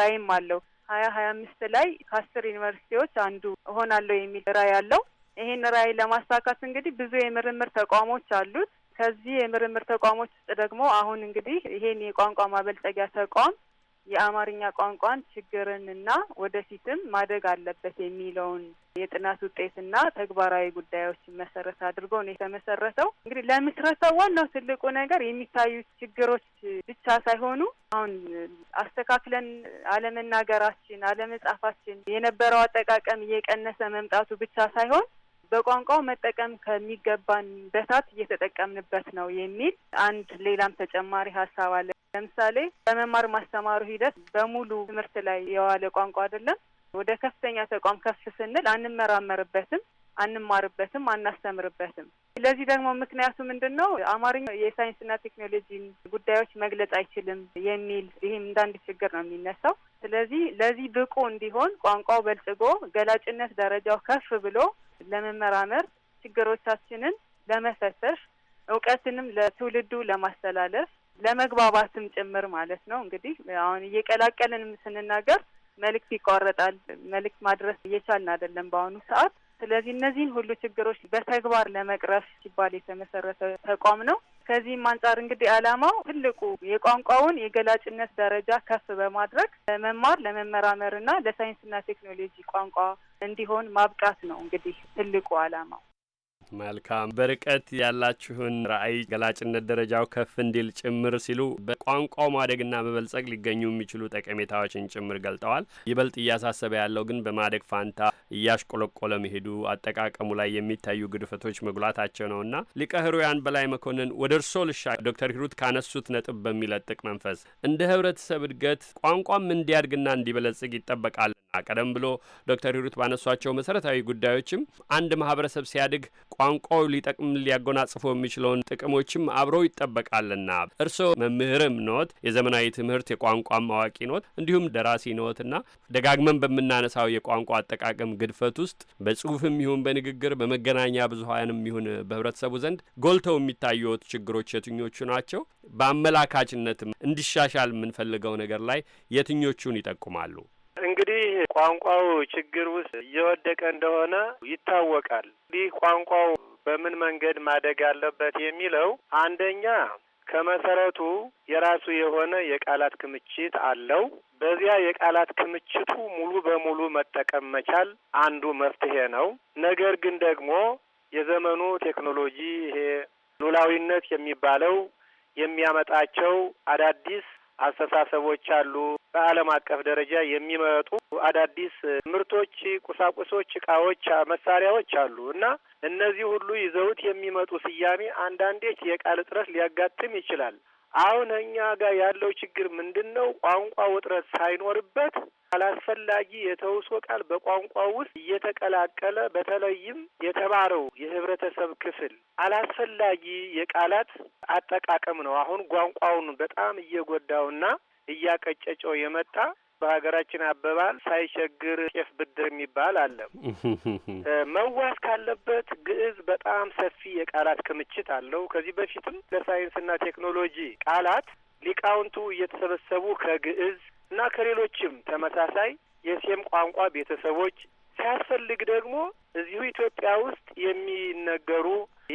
ራዕይም አለው። ሀያ ሀያ አምስት ላይ ከአስር ዩኒቨርሲቲዎች አንዱ እሆናለሁ የሚል ራዕይ አለው። ይህን ራዕይ ለማሳካት እንግዲህ ብዙ የምርምር ተቋሞች አሉት። ከዚህ የምርምር ተቋሞች ውስጥ ደግሞ አሁን እንግዲህ ይሄን የቋንቋ ማበልጸጊያ ተቋም የአማርኛ ቋንቋን ችግርንና ወደፊትም ማደግ አለበት የሚለውን የጥናት ውጤትና ተግባራዊ ጉዳዮች መሰረት አድርጎ ነው የተመሰረተው። እንግዲህ ለምስረተው ዋናው ትልቁ ነገር የሚታዩት ችግሮች ብቻ ሳይሆኑ አሁን አስተካክለን አለመናገራችን፣ አለመጻፋችን፣ የነበረው አጠቃቀም እየቀነሰ መምጣቱ ብቻ ሳይሆን በቋንቋው መጠቀም ከሚገባን በሳት እየተጠቀምንበት ነው የሚል አንድ ሌላም ተጨማሪ ሀሳብ አለ። ለምሳሌ በመማር ማስተማሩ ሂደት በሙሉ ትምህርት ላይ የዋለ ቋንቋ አይደለም። ወደ ከፍተኛ ተቋም ከፍ ስንል አንመራመርበትም፣ አንማርበትም፣ አናስተምርበትም። ለዚህ ደግሞ ምክንያቱ ምንድን ነው? አማርኛ የሳይንስና ቴክኖሎጂን ጉዳዮች መግለጽ አይችልም የሚል ይህም እንዳንድ ችግር ነው የሚነሳው። ስለዚህ ለዚህ ብቁ እንዲሆን ቋንቋው በልጽጎ ገላጭነት ደረጃው ከፍ ብሎ ለመመራመር፣ ችግሮቻችንን ለመፈተሽ፣ እውቀትንም ለትውልዱ ለማስተላለፍ፣ ለመግባባትም ጭምር ማለት ነው። እንግዲህ አሁን እየቀላቀልንም ስንናገር መልእክት ይቋረጣል። መልእክት ማድረስ እየቻልን አይደለም በአሁኑ ሰዓት። ስለዚህ እነዚህን ሁሉ ችግሮች በተግባር ለመቅረፍ ሲባል የተመሰረተ ተቋም ነው። ከዚህም አንጻር እንግዲህ ዓላማው ትልቁ የቋንቋውን የገላጭነት ደረጃ ከፍ በማድረግ ለመማር ለመመራመርና ለሳይንስና ቴክኖሎጂ ቋንቋ እንዲሆን ማብቃት ነው። እንግዲህ ትልቁ ዓላማው መልካም በርቀት ያላችሁን ራዕይ ገላጭነት ደረጃው ከፍ እንዲል ጭምር ሲሉ በቋንቋው ማደግና መበልጸግ ሊገኙ የሚችሉ ጠቀሜታዎችን ጭምር ገልጠዋል። ይበልጥ እያሳሰበ ያለው ግን በማደግ ፋንታ እያሽቆለቆለ መሄዱ፣ አጠቃቀሙ ላይ የሚታዩ ግድፈቶች መጉላታቸው ነውና ሊቀ ሕሩያን በላይ መኮንን ወደ እርሶ ልሻ ዶክተር ሂሩት ካነሱት ነጥብ በሚለጥቅ መንፈስ እንደ ህብረተሰብ እድገት ቋንቋም እንዲያድግና እንዲበለጽግ ይጠበቃል። ቀደም ብሎ ዶክተር ሂሩት ባነሷቸው መሰረታዊ ጉዳዮችም አንድ ማህበረሰብ ሲያድግ ቋንቋው ሊጠቅም ሊያጎናጽፎ የሚችለውን ጥቅሞችም አብሮ ይጠበቃልና እርስዎ መምህርም ኖት፣ የዘመናዊ ትምህርት የቋንቋም አዋቂ ኖት፣ እንዲሁም ደራሲ ኖትና ደጋግመን በምናነሳው የቋንቋ አጠቃቀም ግድፈት ውስጥ በጽሁፍም ይሁን በንግግር በመገናኛ ብዙሀንም ይሁን በህብረተሰቡ ዘንድ ጎልተው የሚታዩት ችግሮች የትኞቹ ናቸው? በአመላካችነትም እንዲሻሻል የምንፈልገው ነገር ላይ የትኞቹን ይጠቁማሉ? እንግዲህ ቋንቋው ችግር ውስጥ እየወደቀ እንደሆነ ይታወቃል። እንዲህ ቋንቋው በምን መንገድ ማደግ አለበት የሚለው አንደኛ ከመሰረቱ የራሱ የሆነ የቃላት ክምችት አለው። በዚያ የቃላት ክምችቱ ሙሉ በሙሉ መጠቀም መቻል አንዱ መፍትሄ ነው። ነገር ግን ደግሞ የዘመኑ ቴክኖሎጂ ይሄ ሉላዊነት የሚባለው የሚያመጣቸው አዳዲስ አስተሳሰቦች አሉ። በዓለም አቀፍ ደረጃ የሚመጡ አዳዲስ ምርቶች፣ ቁሳቁሶች፣ እቃዎች፣ መሳሪያዎች አሉ እና እነዚህ ሁሉ ይዘውት የሚመጡ ስያሜ አንዳንዴ የቃል እጥረት ሊያጋጥም ይችላል። አሁን እኛ ጋር ያለው ችግር ምንድን ነው? ቋንቋ ውጥረት ሳይኖርበት አላስፈላጊ የተውሶ ቃል በቋንቋ ውስጥ እየተቀላቀለ በተለይም የተማረው የህብረተሰብ ክፍል አላስፈላጊ የቃላት አጠቃቀም ነው አሁን ቋንቋውን በጣም እየጎዳውና እያቀጨጨው የመጣ በሀገራችን አበባል ሳይቸግር ቄፍ ብድር የሚባል አለ። መዋስ ካለበት ግዕዝ በጣም ሰፊ የቃላት ክምችት አለው። ከዚህ በፊትም ለሳይንስና ቴክኖሎጂ ቃላት ሊቃውንቱ እየተሰበሰቡ ከግዕዝ እና ከሌሎችም ተመሳሳይ የሴም ቋንቋ ቤተሰቦች ሲያስፈልግ ደግሞ እዚሁ ኢትዮጵያ ውስጥ የሚነገሩ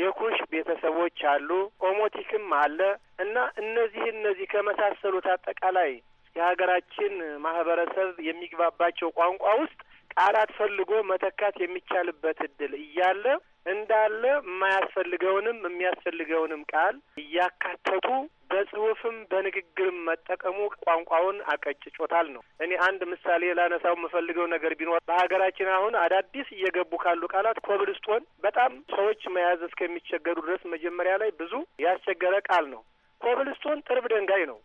የኩሽ ቤተሰቦች አሉ። ኦሞቲክም አለ እና እነዚህ እነዚህ ከመሳሰሉት አጠቃላይ የሀገራችን ማህበረሰብ የሚግባባቸው ቋንቋ ውስጥ ቃላት ፈልጎ መተካት የሚቻልበት እድል እያለ እንዳለ የማያስፈልገውንም የሚያስፈልገውንም ቃል እያካተቱ በጽሁፍም በንግግርም መጠቀሙ ቋንቋውን አቀጭጮታል ነው። እኔ አንድ ምሳሌ ላነሳው የምፈልገው ነገር ቢኖር በሀገራችን አሁን አዳዲስ እየገቡ ካሉ ቃላት ኮብልስቶን በጣም ሰዎች መያዝ እስከሚቸገሩ ድረስ መጀመሪያ ላይ ብዙ ያስቸገረ ቃል ነው። ኮብልስቶን ጥርብ ድንጋይ ነው።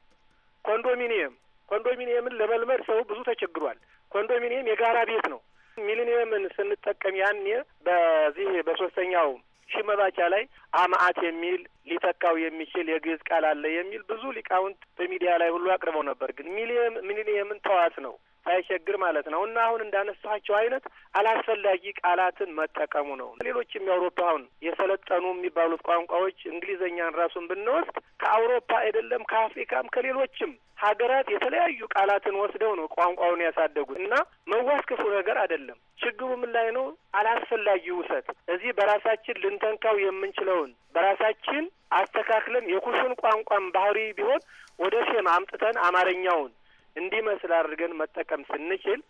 ኮንዶሚኒየም ኮንዶሚኒየምን ለመልመድ ሰው ብዙ ተቸግሯል። ኮንዶሚኒየም የጋራ ቤት ነው። ሚሊኒየምን ስንጠቀም ያኔ በዚህ በሶስተኛው ሺህ መባቻ ላይ አማአት የሚል ሊተካው የሚችል የግዕዝ ቃል አለ የሚል ብዙ ሊቃውንት በሚዲያ ላይ ሁሉ አቅርበው ነበር። ግን ሚሊየም ሚሊኒየምን ተዋት ነው ሳይቸግር ማለት ነው። እና አሁን እንዳነሳቸው አይነት አላስፈላጊ ቃላትን መጠቀሙ ነው። ሌሎችም የአውሮፓ አሁን የሰለጠኑ የሚባሉት ቋንቋዎች እንግሊዝኛን ራሱን ብንወስድ ከአውሮፓ አይደለም ከአፍሪካም ከሌሎችም ሀገራት የተለያዩ ቃላትን ወስደው ነው ቋንቋውን ያሳደጉት። እና መዋስ ክፉ ነገር አይደለም። ችግሩ ምን ላይ ነው? አላስፈላጊ ውሰት እዚህ በራሳችን ልንተንካው የምንችለውን በራሳችን አስተካክለን የኩሹን ቋንቋን ባህሪ ቢሆን ወደ ሴም አምጥተን አማርኛውን እንዲመስል አድርገን መጠቀም ስንችል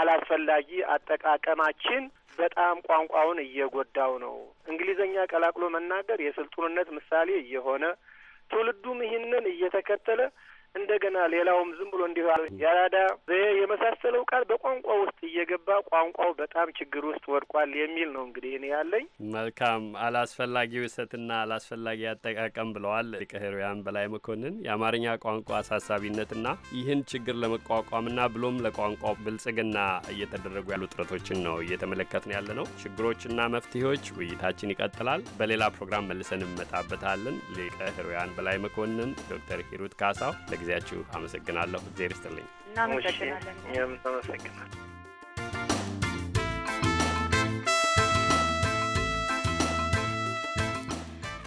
አላስፈላጊ አጠቃቀማችን በጣም ቋንቋውን እየጎዳው ነው። እንግሊዘኛ ቀላቅሎ መናገር የስልጡንነት ምሳሌ እየሆነ ትውልዱም ይህንን እየተከተለ እንደገና ሌላውም ዝም ብሎ እንዲሁ ያራዳ ዘዬ የመሳሰለው ቃል በቋንቋ ውስጥ እየገባ ቋንቋው በጣም ችግር ውስጥ ወድቋል የሚል ነው እንግዲህ እኔ ያለኝ። መልካም አላስፈላጊ ውሰትና አላስፈላጊ አጠቃቀም ብለዋል ሊቀ ሕሩያን በላይ መኮንን። የአማርኛ ቋንቋ አሳሳቢነትና ይህን ችግር ለመቋቋምና ብሎም ለቋንቋ ብልጽግና እየተደረጉ ያሉ ጥረቶችን ነው እየተመለከትን ያለ ነው። ችግሮችና መፍትሄዎች ውይይታችን ይቀጥላል። በሌላ ፕሮግራም መልሰን እንመጣበታለን። ሊቀ ሕሩያን በላይ መኮንን ዶክተር ሂሩት ካሳው ጊዜያችሁ አመሰግናለሁ። እግዜር ይስጥልኝ። እናመሰግናለን።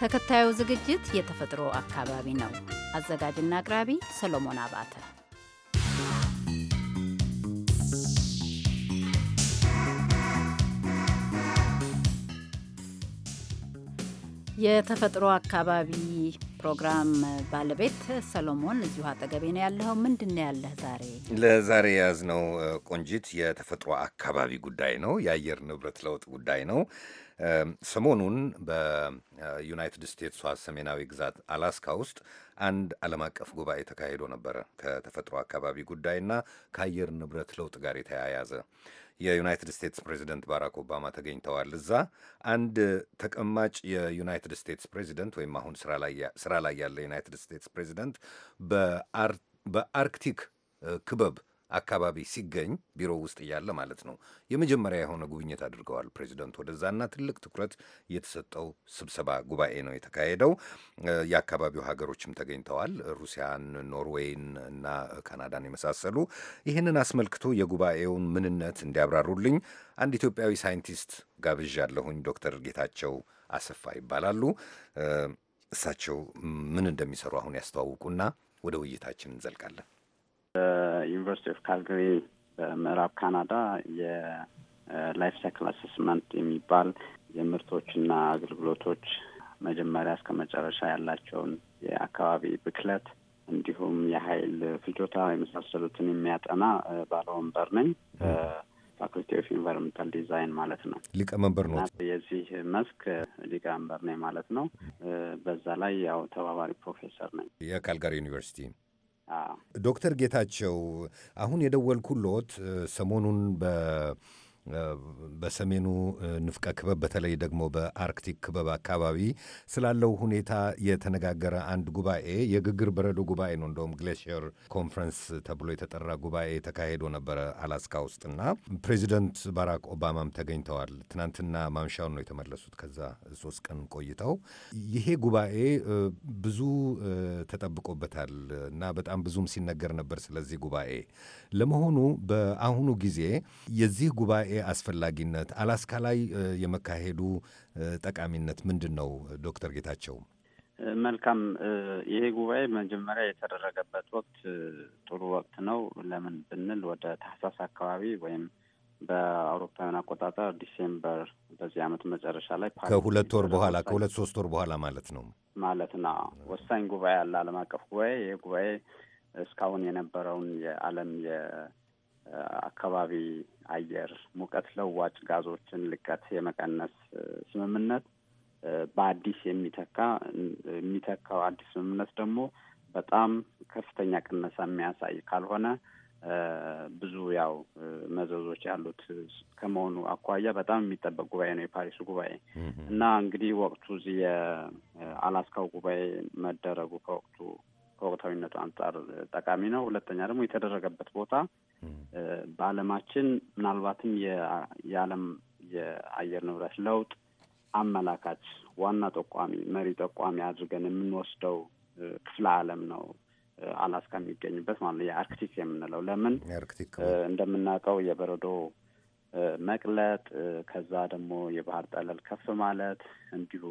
ተከታዩ ዝግጅት የተፈጥሮ አካባቢ ነው። አዘጋጅና አቅራቢ ሰሎሞን አባተ የተፈጥሮ አካባቢ ፕሮግራም ባለቤት ሰሎሞን እዚሁ አጠገቤ ነው ያለኸው። ምንድን ነው ያለህ ዛሬ? ለዛሬ የያዝነው ቆንጂት የተፈጥሮ አካባቢ ጉዳይ ነው፣ የአየር ንብረት ለውጥ ጉዳይ ነው። ሰሞኑን በዩናይትድ ስቴትሷ ሰሜናዊ ግዛት አላስካ ውስጥ አንድ ዓለም አቀፍ ጉባኤ ተካሂዶ ነበረ ከተፈጥሮ አካባቢ ጉዳይና ከአየር ንብረት ለውጥ ጋር የተያያዘ የዩናይትድ ስቴትስ ፕሬዚደንት ባራክ ኦባማ ተገኝተዋል። እዛ አንድ ተቀማጭ የዩናይትድ ስቴትስ ፕሬዚደንት ወይም አሁን ስራ ላይ ያለ ዩናይትድ ስቴትስ ፕሬዚደንት በአርክቲክ ክበብ አካባቢ ሲገኝ ቢሮ ውስጥ እያለ ማለት ነው የመጀመሪያ የሆነ ጉብኝት አድርገዋል ፕሬዚደንት ወደዛና ትልቅ ትኩረት የተሰጠው ስብሰባ ጉባኤ ነው የተካሄደው። የአካባቢው ሀገሮችም ተገኝተዋል፣ ሩሲያን፣ ኖርዌይን እና ካናዳን የመሳሰሉ። ይህንን አስመልክቶ የጉባኤውን ምንነት እንዲያብራሩልኝ አንድ ኢትዮጵያዊ ሳይንቲስት ጋብዣ አለሁኝ። ዶክተር ጌታቸው አሰፋ ይባላሉ። እሳቸው ምን እንደሚሰሩ አሁን ያስተዋውቁና ወደ ውይይታችን እንዘልቃለን። በዩኒቨርሲቲ ኦፍ ካልጋሪ በምዕራብ ካናዳ የላይፍ ሳይክል አሰስመንት የሚባል የምርቶችና አገልግሎቶች መጀመሪያ እስከ መጨረሻ ያላቸውን የአካባቢ ብክለት እንዲሁም የኃይል ፍጆታ የመሳሰሉትን የሚያጠና ባለወንበር ነኝ። ፋኩልቲ ኦፍ ኢንቫይሮንመንታል ዲዛይን ማለት ነው። ሊቀመንበር ነው። የዚህ መስክ ሊቀመንበር ነኝ ማለት ነው። በዛ ላይ ያው ተባባሪ ፕሮፌሰር ነኝ የካልጋሪ ዩኒቨርሲቲ ዶክተር ጌታቸው አሁን የደወልኩሎት ሰሞኑን በሰሜኑ ንፍቀ ክበብ በተለይ ደግሞ በአርክቲክ ክበብ አካባቢ ስላለው ሁኔታ የተነጋገረ አንድ ጉባኤ የግግር በረዶ ጉባኤ ነው። እንደውም ግሌሽየር ኮንፈረንስ ተብሎ የተጠራ ጉባኤ ተካሂዶ ነበረ አላስካ ውስጥና ፕሬዚደንት ባራክ ኦባማም ተገኝተዋል። ትናንትና ማምሻውን ነው የተመለሱት ከዛ ሶስት ቀን ቆይተው። ይሄ ጉባኤ ብዙ ተጠብቆበታል እና በጣም ብዙም ሲነገር ነበር ስለዚህ ጉባኤ። ለመሆኑ በአሁኑ ጊዜ የዚህ ጉባኤ ጉባኤ አስፈላጊነት አላስካ ላይ የመካሄዱ ጠቃሚነት ምንድን ነው? ዶክተር ጌታቸው መልካም። ይሄ ጉባኤ መጀመሪያ የተደረገበት ወቅት ጥሩ ወቅት ነው። ለምን ብንል ወደ ታህሳስ አካባቢ ወይም በአውሮፓውያን አቆጣጠር ዲሴምበር በዚህ አመት መጨረሻ ላይ ከሁለት ወር በኋላ ከሁለት ሶስት ወር በኋላ ማለት ነው ማለት ነው ወሳኝ ጉባኤ አለ፣ አለም አቀፍ ጉባኤ። ይህ ጉባኤ እስካሁን የነበረውን የዓለም አካባቢ አየር ሙቀት ለዋጭ ጋዞችን ልቀት የመቀነስ ስምምነት በአዲስ የሚተካ የሚተካው አዲስ ስምምነት ደግሞ በጣም ከፍተኛ ቅነሳ የሚያሳይ ካልሆነ ብዙ ያው መዘዞች ያሉት ከመሆኑ አኳያ በጣም የሚጠበቅ ጉባኤ ነው የፓሪሱ ጉባኤ እና እንግዲህ ወቅቱ እዚህ የአላስካው ጉባኤ መደረጉ ከወቅቱ ከወቅታዊነቱ አንጻር ጠቃሚ ነው። ሁለተኛ ደግሞ የተደረገበት ቦታ በዓለማችን ምናልባትም የዓለም የአየር ንብረት ለውጥ አመላካች ዋና ጠቋሚ መሪ ጠቋሚ አድርገን የምንወስደው ክፍለ ዓለም ነው አላስካ የሚገኝበት ማለት የአርክቲክ የምንለው ለምን እንደምናውቀው የበረዶ መቅለጥ ከዛ ደግሞ የባህር ጠለል ከፍ ማለት እንዲሁ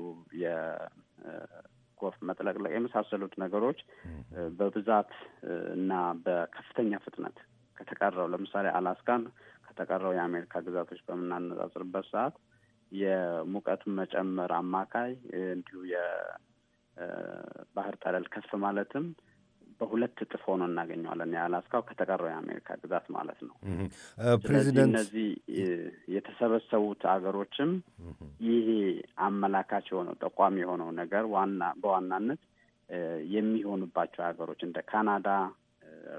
የጎፍ መጥለቅለቅ የመሳሰሉት ነገሮች በብዛት እና በከፍተኛ ፍጥነት ከተቀረው ለምሳሌ አላስካን ከተቀረው የአሜሪካ ግዛቶች በምናነጻጽርበት ሰዓት የሙቀት መጨመር አማካይ እንዲሁ የባህር ጠለል ከፍ ማለትም በሁለት እጥፍ ሆኖ እናገኘዋለን። የአላስካው ከተቀረው የአሜሪካ ግዛት ማለት ነው። ፕሬዚደንት እነዚህ የተሰበሰቡት ሀገሮችም ይሄ አመላካች የሆነው ጠቋሚ የሆነው ነገር ዋና በዋናነት የሚሆኑባቸው ሀገሮች እንደ ካናዳ፣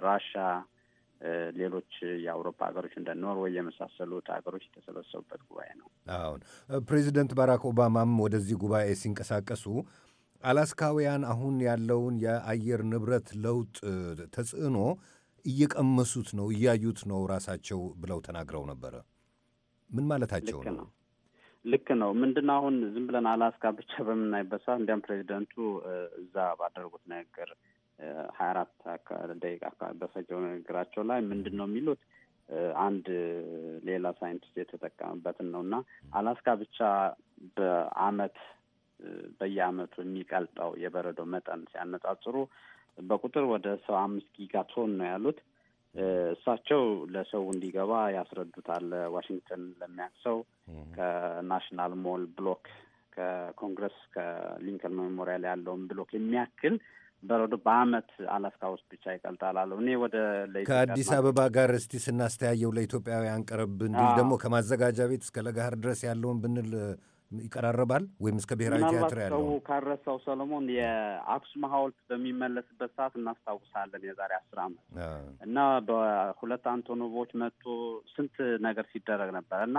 ራሻ ሌሎች የአውሮፓ ሀገሮች እንደ ኖርዌይ የመሳሰሉት ሀገሮች የተሰበሰቡበት ጉባኤ ነው። አሁን ፕሬዚደንት ባራክ ኦባማም ወደዚህ ጉባኤ ሲንቀሳቀሱ አላስካውያን አሁን ያለውን የአየር ንብረት ለውጥ ተጽዕኖ እየቀመሱት ነው፣ እያዩት ነው ራሳቸው ብለው ተናግረው ነበረ። ምን ማለታቸው ነው? ልክ ነው። ምንድን አሁን ዝም ብለን አላስካ ብቻ በምናይበት ሰዓት እንዲያም ፕሬዚደንቱ እዛ ባደረጉት ንግግር ሀያ አራት ደቂቃ አካባቢ በፈጀው ንግግራቸው ላይ ምንድን ነው የሚሉት አንድ ሌላ ሳይንቲስት የተጠቀመበትን ነው እና አላስካ ብቻ በአመት በየአመቱ የሚቀልጠው የበረዶ መጠን ሲያነጻጽሩ በቁጥር ወደ ሰባ አምስት ጊጋ ቶን ነው ያሉት። እሳቸው ለሰው እንዲገባ ያስረዱታል። ዋሽንግተን ለሚያቅሰው ከናሽናል ሞል ብሎክ ከኮንግረስ ከሊንከን ሜሞሪያል ያለውን ብሎክ የሚያክል በረዶ በአመት አላስካ ውስጥ ብቻ ይቀልጣል አለው። እኔ ወደ ከአዲስ አበባ ጋር እስቲ ስናስተያየው ለኢትዮጵያውያን ቀረብ እንዲል ደግሞ ከማዘጋጃ ቤት እስከ ለጋህር ድረስ ያለውን ብንል ይቀራረባል ወይም እስከ ብሔራዊ ቲያትር ያለው ሰው ካረሳው ሰለሞን የአክሱም ሐውልት በሚመለስበት ሰዓት እናስታውሳለን። የዛሬ አስር አመት እና በሁለት አንቶኖቮች መቶ ስንት ነገር ሲደረግ ነበር እና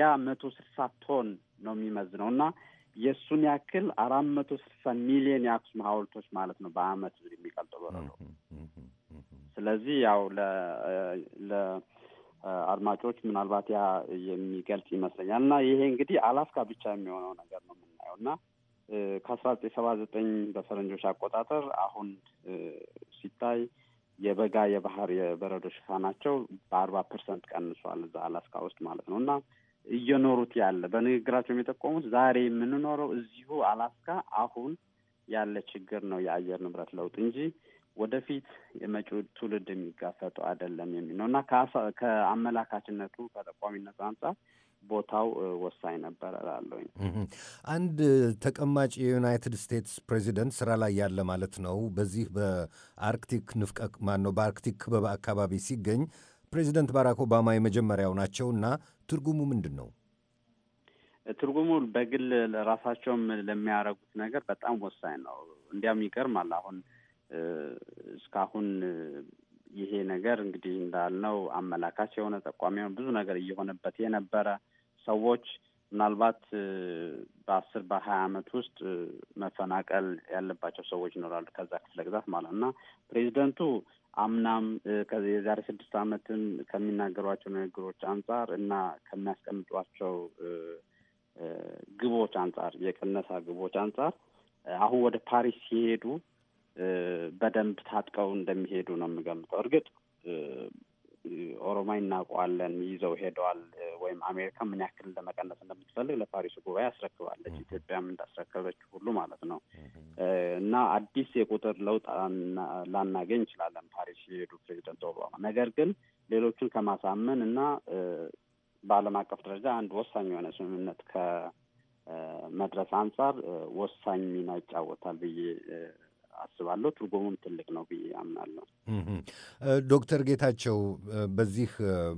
ያ መቶ ስልሳ ቶን ነው የሚመዝነው እና የእሱን ያክል አራት መቶ ስልሳ ሚሊዮን የአክሱም ሀውልቶች ማለት ነው በአመት የሚቀልጠው በረዶ። ስለዚህ ያው ለአድማጮች ምናልባት ያ የሚገልጽ ይመስለኛል እና ይሄ እንግዲህ አላስካ ብቻ የሚሆነው ነገር ነው የምናየው እና ከአስራ ዘጠኝ ሰባ ዘጠኝ በፈረንጆች አቆጣጠር አሁን ሲታይ የበጋ የባህር የበረዶ ሽፋናቸው በአርባ ፐርሰንት ቀንሷል እዛ አላስካ ውስጥ ማለት ነው እና እየኖሩት ያለ በንግግራቸው የሚጠቆሙት ዛሬ የምንኖረው እዚሁ አላስካ አሁን ያለ ችግር ነው የአየር ንብረት ለውጥ እንጂ ወደፊት የመጪው ትውልድ የሚጋፈጡ አይደለም የሚል ነው እና ከአመላካችነቱ ከጠቋሚነቱ አንጻር ቦታው ወሳኝ ነበር እላለሁኝ። አንድ ተቀማጭ የዩናይትድ ስቴትስ ፕሬዚደንት ስራ ላይ ያለ ማለት ነው በዚህ በአርክቲክ ንፍቀ ማን ነው በአርክቲክ ክበብ አካባቢ ሲገኝ ፕሬዚደንት ባራክ ኦባማ የመጀመሪያው ናቸውና ትርጉሙ ምንድን ነው? ትርጉሙ በግል ለራሳቸውም ለሚያደርጉት ነገር በጣም ወሳኝ ነው። እንዲያም ይገርማል። አሁን እስካሁን ይሄ ነገር እንግዲህ እንዳልነው አመላካች የሆነ ጠቋሚ የሆነ ብዙ ነገር እየሆነበት የነበረ ሰዎች ምናልባት በአስር በሀያ አመት ውስጥ መፈናቀል ያለባቸው ሰዎች ይኖራሉ ከዛ ክፍለ ግዛት ማለት እና ፕሬዚደንቱ አምናም የዛሬ ስድስት ዓመትም ከሚናገሯቸው ንግግሮች አንጻር እና ከሚያስቀምጧቸው ግቦች አንጻር የቅነሳ ግቦች አንጻር አሁን ወደ ፓሪስ ሲሄዱ በደንብ ታጥቀው እንደሚሄዱ ነው የምገምተው። እርግጥ ኦሮማይ እናውቀዋለን ይዘው ሄደዋል። ወይም አሜሪካ ምን ያክል ለመቀነስ እንደምትፈልግ ለፓሪሱ ጉባኤ አስረክባለች። ኢትዮጵያም እንዳስረከበች ሁሉ ማለት ነው። እና አዲስ የቁጥር ለውጥ ላናገኝ እንችላለን ፓሪስ የሄዱ ፕሬዚደንት ኦባማ። ነገር ግን ሌሎቹን ከማሳመን እና በአለም አቀፍ ደረጃ አንድ ወሳኝ የሆነ ስምምነት ከመድረስ አንጻር ወሳኝ ሚና ይጫወታል ብዬ አስባለሁ። ትርጉሙም ትልቅ ነው ብዬ አምናለሁ። ዶክተር ጌታቸው በዚህ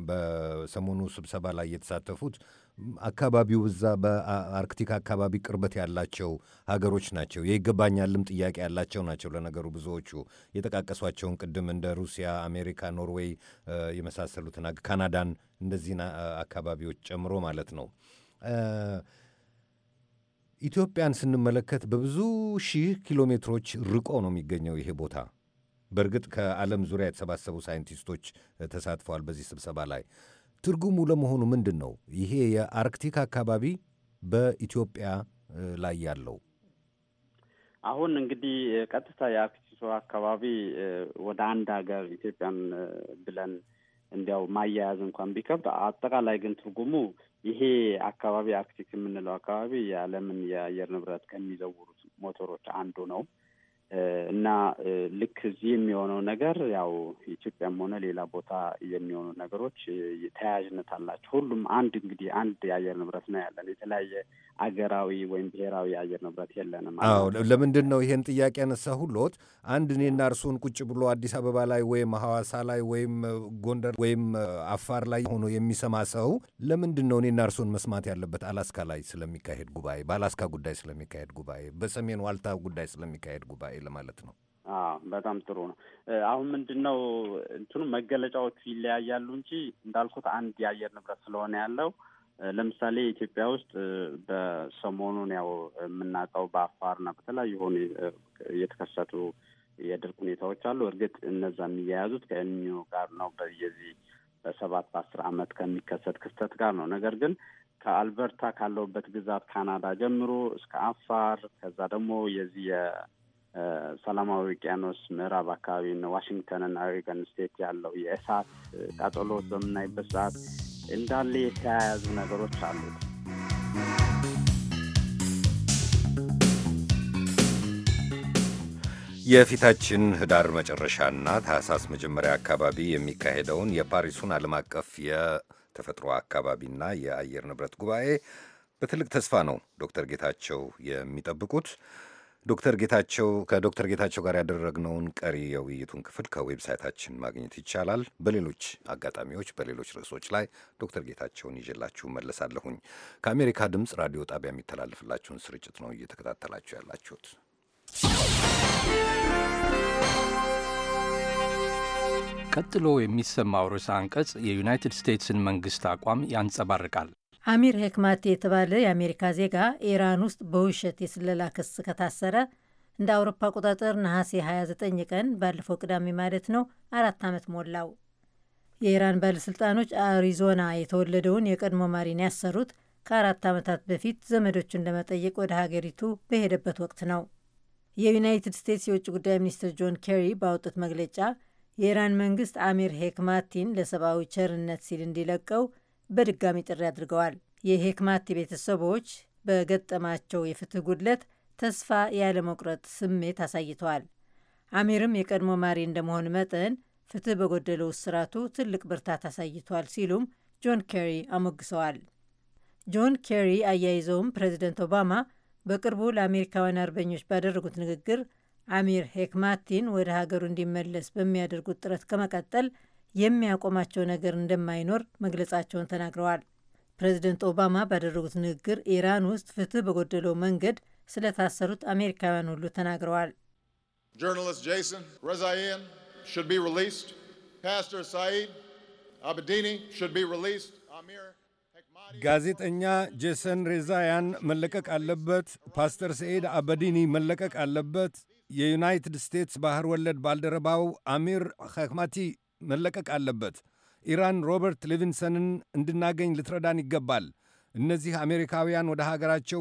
በሰሞኑ ስብሰባ ላይ የተሳተፉት አካባቢው እዛ በአርክቲክ አካባቢ ቅርበት ያላቸው ሀገሮች ናቸው። የይገባኛልም ጥያቄ ያላቸው ናቸው። ለነገሩ ብዙዎቹ የጠቃቀሷቸውን ቅድም እንደ ሩሲያ፣ አሜሪካ፣ ኖርዌይ የመሳሰሉትን ካናዳን እንደዚህ አካባቢዎች ጨምሮ ማለት ነው። ኢትዮጵያን ስንመለከት በብዙ ሺህ ኪሎ ሜትሮች ርቆ ነው የሚገኘው ይሄ ቦታ። በእርግጥ ከዓለም ዙሪያ የተሰባሰቡ ሳይንቲስቶች ተሳትፈዋል በዚህ ስብሰባ ላይ። ትርጉሙ ለመሆኑ ምንድን ነው? ይሄ የአርክቲክ አካባቢ በኢትዮጵያ ላይ ያለው አሁን እንግዲህ ቀጥታ የአርክቲክ አካባቢ ወደ አንድ ሀገር ኢትዮጵያን ብለን እንዲያው ማያያዝ እንኳን ቢከብድ፣ አጠቃላይ ግን ትርጉሙ ይሄ አካባቢ አርክቲክ የምንለው አካባቢ የዓለምን የአየር ንብረት ከሚዘውሩት ሞተሮች አንዱ ነው እና ልክ እዚህ የሚሆነው ነገር ያው ኢትዮጵያም ሆነ ሌላ ቦታ የሚሆኑ ነገሮች ተያያዥነት አላቸው። ሁሉም አንድ እንግዲህ አንድ የአየር ንብረት ነው ያለን የተለያየ አገራዊ ወይም ብሔራዊ የአየር ንብረት የለንም። አዎ ለምንድን ነው ይሄን ጥያቄ ያነሳ ሁሎት አንድ እኔና እርስዎን ቁጭ ብሎ አዲስ አበባ ላይ ወይም ሐዋሳ ላይ ወይም ጎንደር ወይም አፋር ላይ ሆኖ የሚሰማ ሰው ለምንድን ነው እኔና እርስዎን መስማት ያለበት? አላስካ ላይ ስለሚካሄድ ጉባኤ፣ በአላስካ ጉዳይ ስለሚካሄድ ጉባኤ፣ በሰሜን ዋልታ ጉዳይ ስለሚካሄድ ጉባኤ ለማለት ነው። በጣም ጥሩ ነው። አሁን ምንድን ነው እንትኑ መገለጫዎቹ ይለያያሉ እንጂ እንዳልኩት አንድ የአየር ንብረት ስለሆነ ያለው ለምሳሌ ኢትዮጵያ ውስጥ በሰሞኑን ያው የምናውቀው በአፋርና በተለያዩ ሆኑ የተከሰቱ የድርቅ ሁኔታዎች አሉ። እርግጥ እነዛ የሚያያዙት ከኒኞ ጋር ነው በየዚህ በሰባት በአስር አመት ከሚከሰት ክስተት ጋር ነው። ነገር ግን ከአልበርታ ካለውበት ግዛት ካናዳ ጀምሮ እስከ አፋር ከዛ ደግሞ የዚህ የሰላማዊ ውቅያኖስ ምዕራብ አካባቢ ዋሽንግተንና ኦሪገን ስቴት ያለው የእሳት ቃጠሎ በምናይበት ሰዓት እንዳለ የተያያዙ ነገሮች አሉት። የፊታችን ህዳር መጨረሻና ታህሳስ መጀመሪያ አካባቢ የሚካሄደውን የፓሪሱን ዓለም አቀፍ የተፈጥሮ አካባቢና የአየር ንብረት ጉባኤ በትልቅ ተስፋ ነው ዶክተር ጌታቸው የሚጠብቁት። ዶክተር ጌታቸው ከዶክተር ጌታቸው ጋር ያደረግነውን ቀሪ የውይይቱን ክፍል ከዌብሳይታችን ማግኘት ይቻላል። በሌሎች አጋጣሚዎች በሌሎች ርዕሶች ላይ ዶክተር ጌታቸውን ይዤላችሁ መለሳለሁኝ። ከአሜሪካ ድምፅ ራዲዮ ጣቢያ የሚተላልፍላችሁን ስርጭት ነው እየተከታተላችሁ ያላችሁት። ቀጥሎ የሚሰማው ርዕሰ አንቀጽ የዩናይትድ ስቴትስን መንግስት አቋም ያንጸባርቃል። አሚር ሄክማቴ የተባለ የአሜሪካ ዜጋ ኢራን ውስጥ በውሸት የስለላ ክስ ከታሰረ እንደ አውሮፓ አቆጣጠር ነሐሴ 29 ቀን ባለፈው ቅዳሜ ማለት ነው አራት ዓመት ሞላው። የኢራን ባለሥልጣኖች አሪዞና የተወለደውን የቀድሞ ማሪን ያሰሩት ከአራት ዓመታት በፊት ዘመዶቹን ለመጠየቅ ወደ ሀገሪቱ በሄደበት ወቅት ነው። የዩናይትድ ስቴትስ የውጭ ጉዳይ ሚኒስትር ጆን ኬሪ ባወጡት መግለጫ የኢራን መንግስት አሚር ሄክማቲን ለሰብአዊ ቸርነት ሲል እንዲለቀው በድጋሚ ጥሪ አድርገዋል። የሄክማቲ ቤተሰቦች በገጠማቸው የፍትህ ጉድለት ተስፋ ያለመቁረጥ ስሜት አሳይተዋል። አሚርም የቀድሞ ማሪ እንደመሆን መጠን ፍትህ በጎደለው እስራቱ ትልቅ ብርታት አሳይቷል ሲሉም ጆን ኬሪ አሞግሰዋል። ጆን ኬሪ አያይዘውም ፕሬዚደንት ኦባማ በቅርቡ ለአሜሪካውያን አርበኞች ባደረጉት ንግግር አሚር ሄክማቲን ወደ ሀገሩ እንዲመለስ በሚያደርጉት ጥረት ከመቀጠል የሚያቆማቸው ነገር እንደማይኖር መግለጻቸውን ተናግረዋል። ፕሬዚደንት ኦባማ ባደረጉት ንግግር ኢራን ውስጥ ፍትህ በጎደለው መንገድ ስለታሰሩት አሜሪካውያን ሁሉ ተናግረዋል። ጆርናሊስት ጄሰን ረዛይን ሹድ ቢ ሪሊስድ ፓስተር ሳኢድ አብዲኒ ሹድ ቢ ሪሊስድ አሚር ጋዜጠኛ ጄሰን ሬዛያን መለቀቅ አለበት። ፓስተር ሰኤድ አበዲኒ መለቀቅ አለበት። የዩናይትድ ስቴትስ ባህር ወለድ ባልደረባው አሚር ኸክማቲ መለቀቅ አለበት። ኢራን ሮበርት ሊቪንሰንን እንድናገኝ ልትረዳን ይገባል። እነዚህ አሜሪካውያን ወደ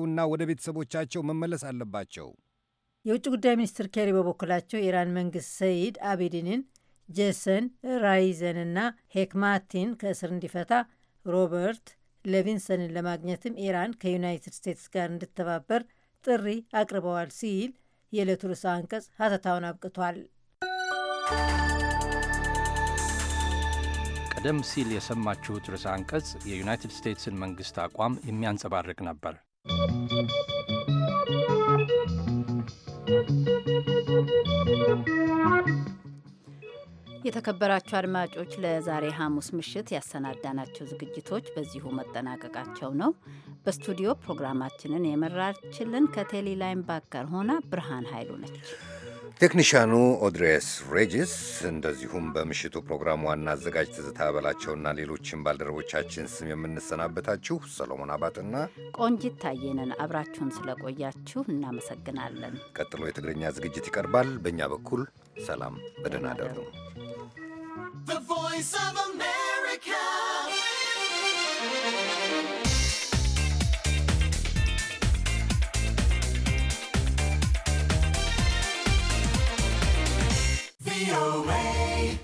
እና ወደ ቤተሰቦቻቸው መመለስ አለባቸው። የውጭ ጉዳይ ሚኒስትር ኬሪ በበኩላቸው የኢራን መንግስት ሰይድ አቤዲንን፣ ጄሰን ራይዘንና ሄክማቲን ከእስር እንዲፈታ ሮበርት ሌቪንሰንን ለማግኘትም ኢራን ከዩናይትድ ስቴትስ ጋር እንድተባበር ጥሪ አቅርበዋል ሲል የዕለቱ ርዕሰ አንቀጽ ሀተታውን አብቅቷል። ቀደም ሲል የሰማችሁት ርዕሰ አንቀጽ የዩናይትድ ስቴትስን መንግሥት አቋም የሚያንጸባርቅ ነበር። የተከበራችሁ አድማጮች ለዛሬ ሐሙስ ምሽት ያሰናዳናቸው ዝግጅቶች በዚሁ መጠናቀቃቸው ነው። በስቱዲዮ ፕሮግራማችንን የመራችልን ከቴሌላይን ባክ ጋር ሆና ብርሃን ኃይሉ ነች። ቴክኒሽያኑ ኦድሬስ ሬጅስ እንደዚሁም በምሽቱ ፕሮግራም ዋና አዘጋጅ ትዝታ በላቸውና ሌሎችን ባልደረቦቻችን ስም የምንሰናበታችሁ ሰሎሞን አባትና ቆንጂት ታየነን አብራችሁን ስለቆያችሁ እናመሰግናለን። ቀጥሎ የትግርኛ ዝግጅት ይቀርባል። በእኛ በኩል ሰላም፣ በደህና አደሩ። VOA.